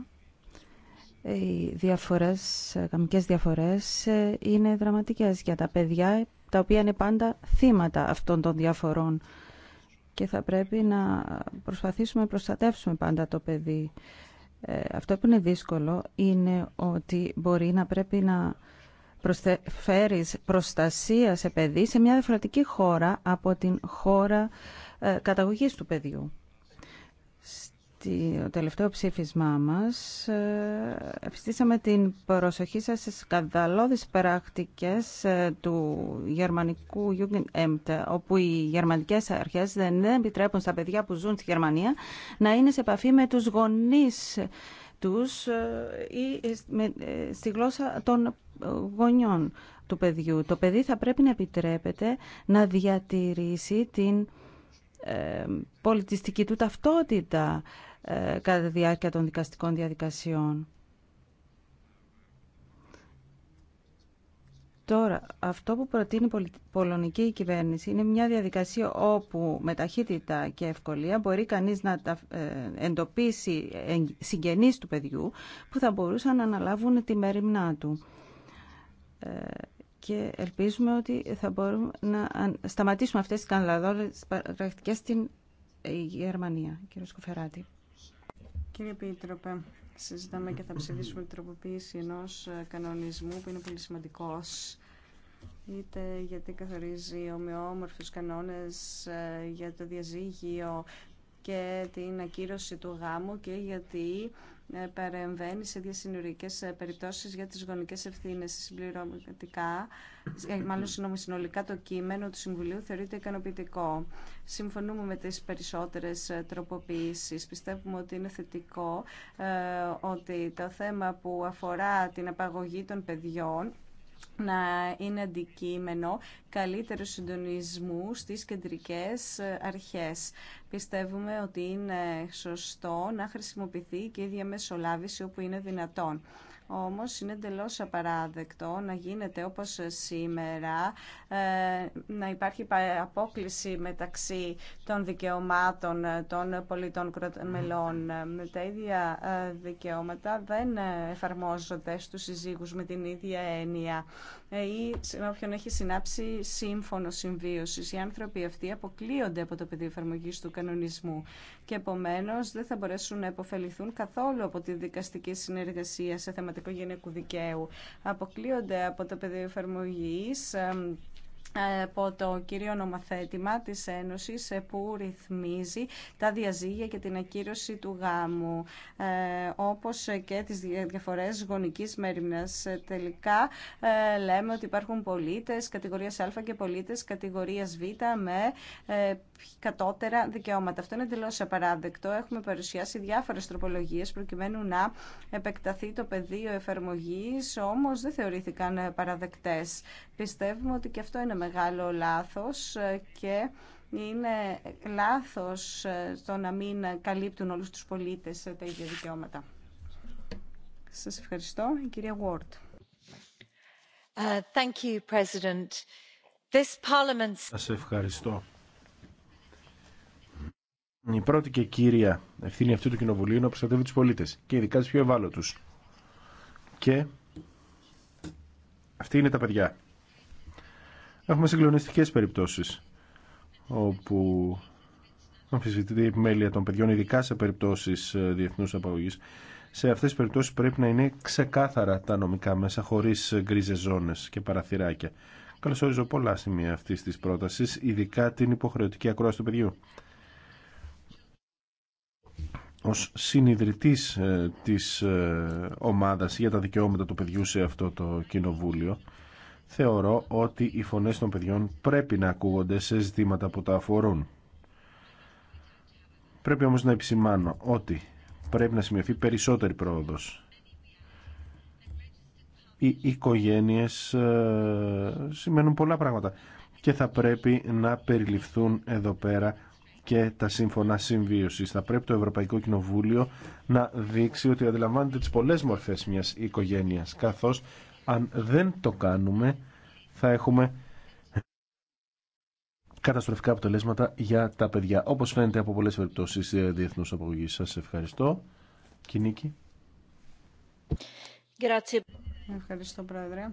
Speaker 3: οι διαφορές, καμικές διαφορές ε, είναι δραματικές για τα παιδιά τα οποία είναι πάντα θύματα αυτών των διαφορών και θα πρέπει να προσπαθήσουμε να προστατεύσουμε πάντα το παιδί. Ε, αυτό που είναι δύσκολο είναι ότι μπορεί να πρέπει να προσφέρεις προστασία σε παιδί σε μια διαφορετική χώρα από την χώρα ε, καταγωγής του παιδιού το τελευταίο ψήφισμά μας ευστήσαμε την προσοχή σας στις καδαλώδεις πρακτικές ε, του γερμανικού Jugendamt όπου οι γερμανικές αρχές δεν επιτρέπουν στα παιδιά που ζουν στη Γερμανία να είναι σε επαφή με τους γονείς τους ε, ή ε, στη γλώσσα των γονιών του παιδιού. Το παιδί θα πρέπει να επιτρέπεται να διατηρήσει την πολιτιστική του ταυτότητα ε, κατά τη διάρκεια των δικαστικών διαδικασιών. Τώρα, αυτό που προτείνει η πολωνική κυβέρνηση είναι μια διαδικασία όπου με ταχύτητα και ευκολία μπορεί κανείς να ε, εντοπίσει συγγενείς του παιδιού που θα μπορούσαν να αναλάβουν τη μέρημνά του. Ε, και ελπίζουμε ότι θα μπορούμε να σταματήσουμε αυτές τις καναλαδόρες πρακτικές στην Γερμανία. κύριε Σκουφεράτη.
Speaker 1: Κύριε Πίτροπε, συζητάμε και θα ψηφίσουμε την τροποποίηση ενό ε, κανονισμού που είναι πολύ σημαντικό, είτε γιατί καθορίζει ομοιόμορφου κανόνε ε, για το διαζύγιο και την ακύρωση του γάμου και γιατί ε, παρεμβαίνει σε διασυνορικές ε, περιπτώσεις για τις γονικές ευθύνες συμπληρωματικά, ε, μάλλον συνολικά το κείμενο του Συμβουλίου θεωρείται ικανοποιητικό. Συμφωνούμε με τις περισσότερες τροποποιήσεις. Πιστεύουμε ότι είναι θετικό ότι το θέμα που αφορά την απαγωγή των παιδιών να είναι αντικείμενο καλύτερου συντονισμού στις κεντρικές ε, αρχές. Πιστεύουμε ότι είναι σωστό να χρησιμοποιηθεί και η διαμεσολάβηση όπου είναι δυνατόν. Όμως είναι εντελώ απαράδεκτο να γίνεται όπως σήμερα, ε, να υπάρχει απόκληση μεταξύ των δικαιωμάτων ε, των πολιτών μελών. Ε, τα ίδια δικαιώματα δεν εφαρμόζονται στους συζύγους με την ίδια έννοια ή με όποιον έχει συνάψει σύμφωνο συμβίωσης. Οι άνθρωποι αυτοί αποκλείονται από το πεδίο εφαρμογή του κανονισμού και επομένως δεν θα μπορέσουν να υποφεληθούν καθόλου από τη δικαστική συνεργασία σε θέματα οικογενειακού δικαίου. Αποκλείονται από το πεδίο εφαρμογή από το κύριο νομοθέτημα της Ένωσης ε, που ρυθμίζει τα διαζύγια και την ακύρωση του γάμου ε, όπως και τις διαφορές γονικής μέρημνας. Ε, τελικά λέμε ότι υπάρχουν πολίτες κατηγορίας Α και πολίτες κατηγορίας Β με κατώτερα δικαιώματα. Αυτό είναι εντελώ απαράδεκτο. Έχουμε παρουσιάσει διάφορε τροπολογίε προκειμένου να επεκταθεί το πεδίο εφαρμογή, όμω δεν θεωρήθηκαν παραδεκτέ. Πιστεύουμε ότι και αυτό είναι μεγάλο λάθο και είναι λάθο το να μην καλύπτουν όλους τους πολίτες τα ίδια δικαιώματα. Σας ευχαριστώ. Η κυρία Βόρτ. Uh, thank you, President.
Speaker 3: This
Speaker 4: ευχαριστώ. Η πρώτη και κύρια ευθύνη αυτού του κοινοβουλίου είναι να προστατεύει του πολίτε και ειδικά του πιο ευάλωτου. Και αυτή είναι τα παιδιά. Έχουμε συγκλονιστικέ περιπτώσει όπου αμφισβητείται η επιμέλεια των παιδιών, ειδικά σε περιπτώσει ε, διεθνού απαγωγή. Σε αυτέ τι περιπτώσει πρέπει να είναι ξεκάθαρα τα νομικά μέσα, χωρί γκρίζε ζώνε και παραθυράκια. Καλωσορίζω πολλά σημεία αυτή τη πρόταση, ειδικά την υποχρεωτική ακρόαση του παιδιού ως συνειδητής ε, της ε, ομάδας για τα δικαιώματα του παιδιού σε αυτό το κοινοβούλιο θεωρώ ότι οι φωνές των παιδιών πρέπει να ακούγονται σε ζητήματα που τα αφορούν. Πρέπει όμως να επισημάνω ότι πρέπει να σημειωθεί περισσότερη πρόοδος. Οι οικογένειες ε, σημαίνουν πολλά πράγματα και θα πρέπει να περιληφθούν εδώ πέρα και τα σύμφωνα συμβίωση. Θα πρέπει το Ευρωπαϊκό Κοινοβούλιο να δείξει ότι αντιλαμβάνεται τι πολλέ μορφέ μια οικογένεια. Καθώ αν δεν το κάνουμε, θα έχουμε καταστροφικά αποτελέσματα για τα παιδιά. Όπω φαίνεται από πολλέ περιπτώσει διεθνού απογωγή. Σα ευχαριστώ. Κινίκη.
Speaker 1: Ευχαριστώ, Πρόεδρε.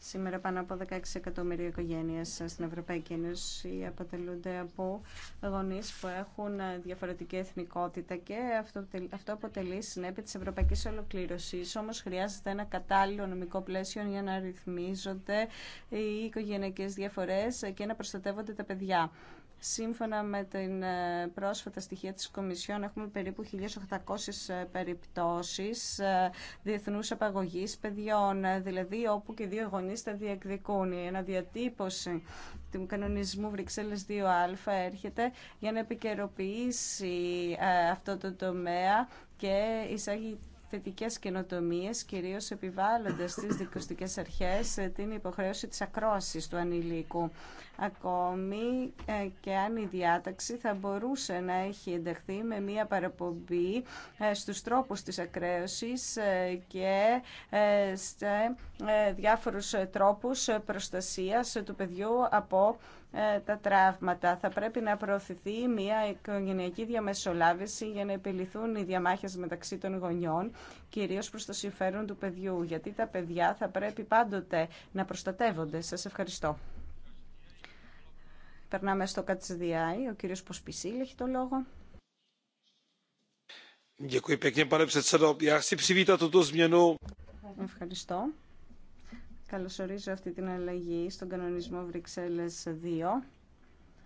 Speaker 1: Σήμερα πάνω από 16 εκατομμύρια οικογένειες στην Ευρωπαϊκή Ένωση αποτελούνται από γονεί που έχουν διαφορετική εθνικότητα και αυτό αποτελεί συνέπεια τη Ευρωπαϊκή Ολοκλήρωση. Όμω χρειάζεται ένα κατάλληλο νομικό πλαίσιο για να ρυθμίζονται οι οικογενειακές διαφορέ και να προστατεύονται τα παιδιά. Σύμφωνα με την ε, πρόσφατα στοιχεία της Κομισιόν έχουμε περίπου 1.800 ε, περιπτώσεις ε, διεθνούς απαγωγής παιδιών, δηλαδή όπου και δύο ή τα διεκδικούν. Η διατύπωση του κανονισμού Βρυξέλλες 2α έρχεται για να επικαιροποιήσει ε, αυτό το τομέα και εισάγει θετικές καινοτομίες, κυρίως επιβάλλοντας στις δικοστικές αρχές ε, την υποχρέωση της ακρόασης του ανηλίκου ακόμη ε, και αν η διάταξη θα μπορούσε να έχει ενταχθεί με μία παραπομπή ε, στους τρόπους της ακραίωσης ε, και σε διάφορους τρόπους προστασίας του παιδιού από τα τραύματα. Θα πρέπει να προωθηθεί μια οικογενειακή διαμεσολάβηση για να επιληθούν οι διαμάχες μεταξύ των γονιών, κυρίως προς το συμφέρον του παιδιού, γιατί τα παιδιά θα πρέπει πάντοτε να προστατεύονται. Σας ευχαριστώ. Περνάμε στο ΚΑΤΣΔΙ. Ο κύριος Ποσπισίλη έχει το λόγο. Ευχαριστώ. Καλωσορίζω αυτή την αλλαγή στον κανονισμό Βρυξέλλες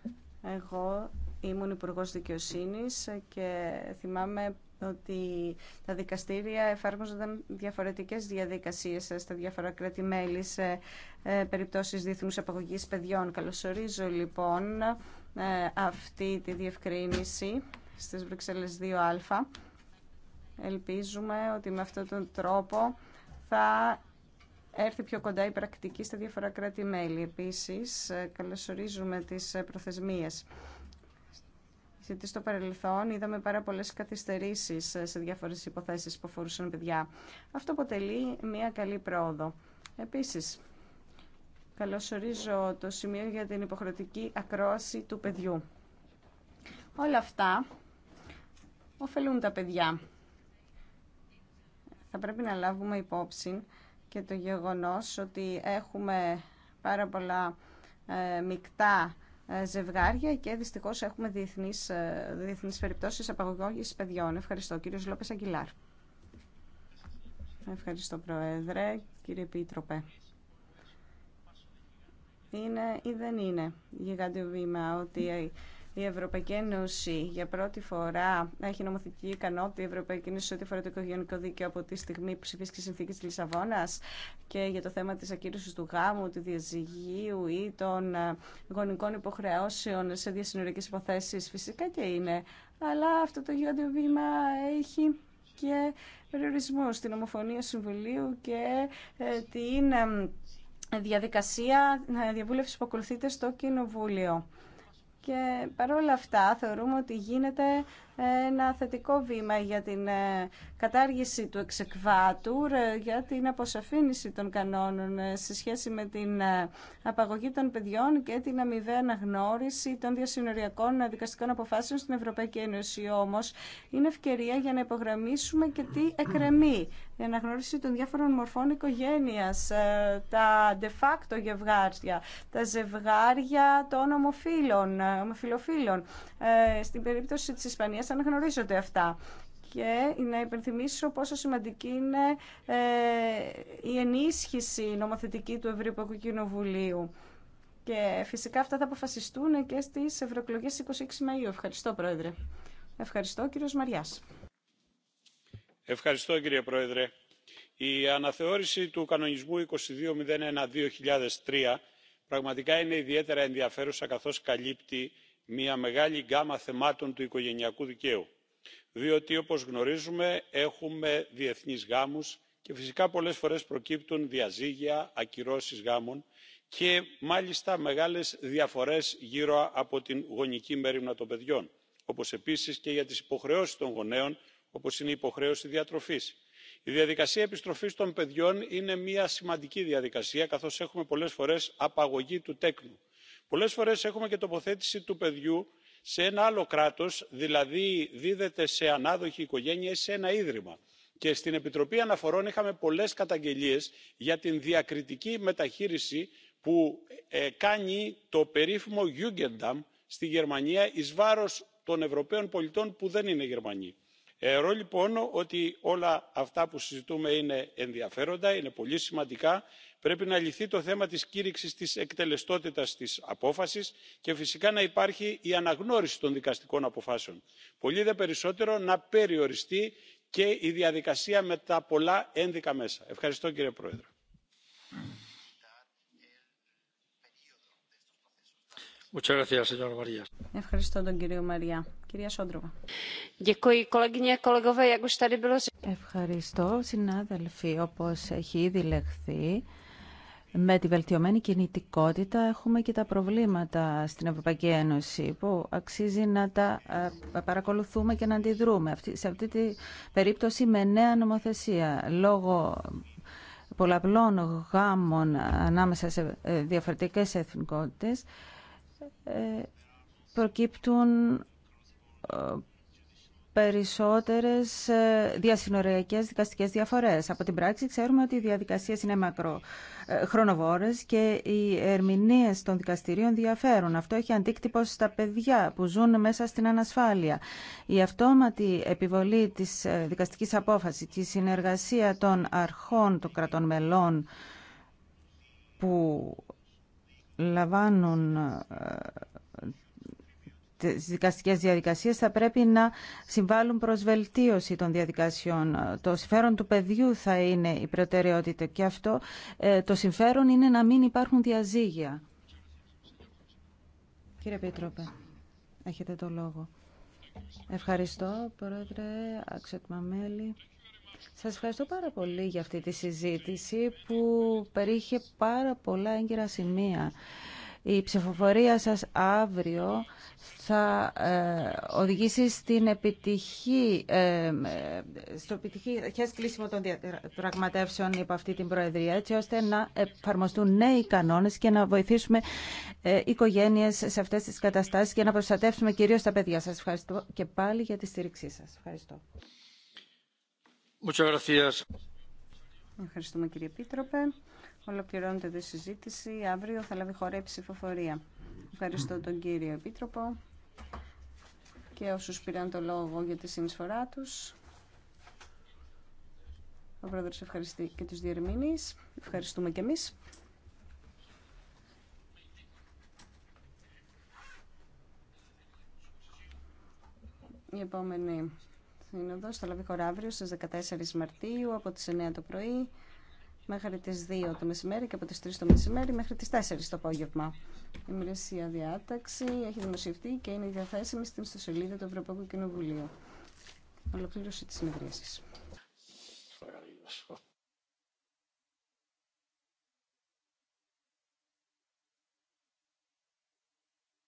Speaker 1: 2. Εγώ ήμουν υπουργό δικαιοσύνη και θυμάμαι ότι τα δικαστήρια εφάρμοζαν διαφορετικές διαδικασίες στα διάφορα κράτη-μέλη σε ε, περιπτώσεις διεθνούς απαγωγής παιδιών. Καλωσορίζω λοιπόν ε, αυτή τη διευκρίνηση στις Βρυξέλλες 2α. Ελπίζουμε ότι με αυτόν τον τρόπο θα έρθει πιο κοντά η πρακτική στα διάφορα κράτη-μέλη. Επίσης, ε, καλωσορίζουμε τις προθεσμίες γιατί στο παρελθόν είδαμε πάρα πολλές καθυστερήσεις σε διάφορες υποθέσεις που αφορούσαν παιδιά. Αυτό αποτελεί μια καλή πρόοδο. Επίσης, καλωσορίζω το σημείο για την υποχρεωτική ακρόαση του παιδιού. Όλα αυτά ωφελούν τα παιδιά. Θα πρέπει να λάβουμε υπόψη και το γεγονός ότι έχουμε πάρα πολλά ε, μεικτά ε, ζευγάρια και δυστυχώ έχουμε διεθνεί περιπτώσει περιπτώσεις παιδιών. Ευχαριστώ. Κύριος Λόπε Αγγιλάρ. Ευχαριστώ Πρόεδρε, κύριε Επίτροπε. Είναι ή δεν είναι γιγάντιο βήμα ότι η Ευρωπαϊκή Ένωση για πρώτη φορά έχει νομοθετική ικανότητα. Η Ευρωπαϊκή Ένωση ό,τι φορά το οικογενεικό δίκαιο από τη στιγμή που ψηφίστηκε η συνθήκη τη Λισαβόνα και για το θέμα τη ακύρωση του γάμου, του διαζυγίου ή των ε, γονικών υποχρεώσεων σε διασυνορικέ υποθέσει. Φυσικά και είναι. Αλλά αυτό το γιγάντιο βήμα έχει και περιορισμού στην ομοφωνία συμβουλίου και ε, την ε, διαδικασία διαβούλευση που ακολουθείται στο Κοινοβούλιο. Και παρόλα αυτά θεωρούμε ότι γίνεται ένα θετικό βήμα για την ε, κατάργηση του εξεκβάτουρ, ε, για την αποσαφήνιση των κανόνων ε, σε σχέση με την απαγωγή των παιδιών και την αμοιβαία αναγνώριση των διασυνοριακών δικαστικών αποφάσεων στην Ευρωπαϊκή Ένωση. Όμως, είναι ευκαιρία για να υπογραμμίσουμε και τι εκρεμεί. Η αναγνώριση των διάφορων μορφών οικογένεια, τα de facto γευγάρια, τα ζευγάρια των ομοφύλων, ομοφυλοφίλων. Στην περίπτωση τη Ισπανία να αναγνωρίζονται αυτά και να υπενθυμίσω πόσο σημαντική είναι ε, η ενίσχυση νομοθετική του Ευρωπαϊκού Κοινοβουλίου. Και φυσικά αυτά θα αποφασιστούν και στις ευρωεκλογές 26 Μαΐου. Ευχαριστώ, Πρόεδρε. Ευχαριστώ, κύριος Μαριάς.
Speaker 2: Ευχαριστώ, κύριε Πρόεδρε. Η αναθεώρηση του κανονισμού 2201-2003 πραγματικά είναι ιδιαίτερα ενδιαφέρουσα καθώς καλύπτει μια μεγάλη γκάμα θεμάτων του οικογενειακού δικαίου διότι όπως γνωρίζουμε έχουμε διεθνείς γάμους και φυσικά πολλές φορές προκύπτουν διαζύγια ακυρώσεις γάμων και μάλιστα μεγάλες διαφορές γύρω από την γονική μέρημνα των παιδιών όπως επίσης και για τις υποχρεώσεις των γονέων όπως είναι η υποχρέωση διατροφής. η διαδικασία επιστροφής των παιδιών είναι μια σημαντική διαδικασία καθώς έχουμε πολλές φορές απαγωγή του τέκνου πολλές φορές έχουμε και τοποθέτηση του παιδιού σε ένα άλλο κράτος δηλαδή δίδεται σε ανάδοχη οικογένεια ή σε ένα ίδρυμα και στην επιτροπή αναφορών είχαμε πολλές καταγγελίες για την διακριτική μεταχείριση που ε, κάνει το περίφημο jugendamt στη γερμανία εις βάρος των ευρωπαίων πολιτών που δεν είναι γερμανοί. θεωρώ λοιπόν ότι όλα αυτά που συζητούμε είναι ενδιαφέροντα είναι πολύ σημαντικά πρέπει να λυθεί το θέμα της κήρυξης της εκτελεστότητας της απόφασης και φυσικά να υπάρχει η αναγνώριση των δικαστικών αποφάσεων. πολύ δε περισσότερο να περιοριστεί και η διαδικασία με τα πολλά ένδικα μέσα. ευχαριστώ κύριε πρόεδρε.
Speaker 1: Ευχαριστώ κύριο Μαριά.
Speaker 3: συνάδελφοι. Όπως έχει ήδη με τη βελτιωμένη κινητικότητα έχουμε και τα προβλήματα στην Ευρωπαϊκή Ένωση που αξίζει να τα ε, παρακολουθούμε και να αντιδρούμε. Σε αυτή τη περίπτωση με νέα νομοθεσία λόγω πολλαπλών γάμων ανάμεσα σε ε, διαφορετικές εθνικότητες ε, προκύπτουν περισσότερες ε, διασυνοριακές δικαστικές διαφορές. Από την πράξη ξέρουμε ότι οι διαδικασίες είναι μακρό ε, και οι ερμηνείες των δικαστηρίων διαφέρουν. Αυτό έχει αντίκτυπο στα παιδιά που ζουν μέσα στην ανασφάλεια. Η αυτόματη επιβολή της ε, δικαστικής απόφασης και η συνεργασία των αρχών των κρατών μελών που λαμβάνουν τις δικαστικές διαδικασίες θα πρέπει να συμβάλλουν προς βελτίωση των διαδικασιών. Το συμφέρον του παιδιού θα είναι η προτεραιότητα και αυτό ε, το συμφέρον είναι να μην υπάρχουν διαζύγια. Κύριε Πίτροπε, έχετε το λόγο. Ευχαριστώ, Πρόεδρε, αξιότιμα μέλη. Σας ευχαριστώ πάρα πολύ για αυτή τη συζήτηση που περίχε πάρα πολλά έγκυρα σημεία. Η ψηφοφορία σας αύριο θα ε, οδηγήσει στην επιτυχή, ε, ε στο επιτυχή κλείσιμο των πραγματεύσεων υπό αυτή την Προεδρία, έτσι ώστε να εφαρμοστούν νέοι κανόνες και να βοηθήσουμε ε, οικογένειες σε αυτές τις καταστάσεις και να προστατεύσουμε κυρίως τα παιδιά. Σας ευχαριστώ και πάλι για τη στήριξή σας. Ευχαριστώ. Ευχαριστούμε κύριε Πίτροπε. Ολοκληρώνεται τη συζήτηση.
Speaker 1: Αύριο θα λάβει χώρα η ψηφοφορία. Ευχαριστώ τον κύριο Επίτροπο και όσους πήραν το λόγο για τη συνεισφορά τους. Ο πρόεδρος ευχαριστεί και τους διερμήνεις. Ευχαριστούμε και εμείς. Η επόμενη σύνοδος θα λάβει χώρα αύριο στις 14 Μαρτίου από τις 9 το πρωί μέχρι τις 2 το μεσημέρι και από τις 3 το μεσημέρι μέχρι τις 4 το απόγευμα. Η μερεσία διάταξη έχει δημοσιευτεί και είναι διαθέσιμη στην ιστοσελίδα του Ευρωπαϊκού Κοινοβουλίου. Ολοκλήρωση της συνεδρίασης.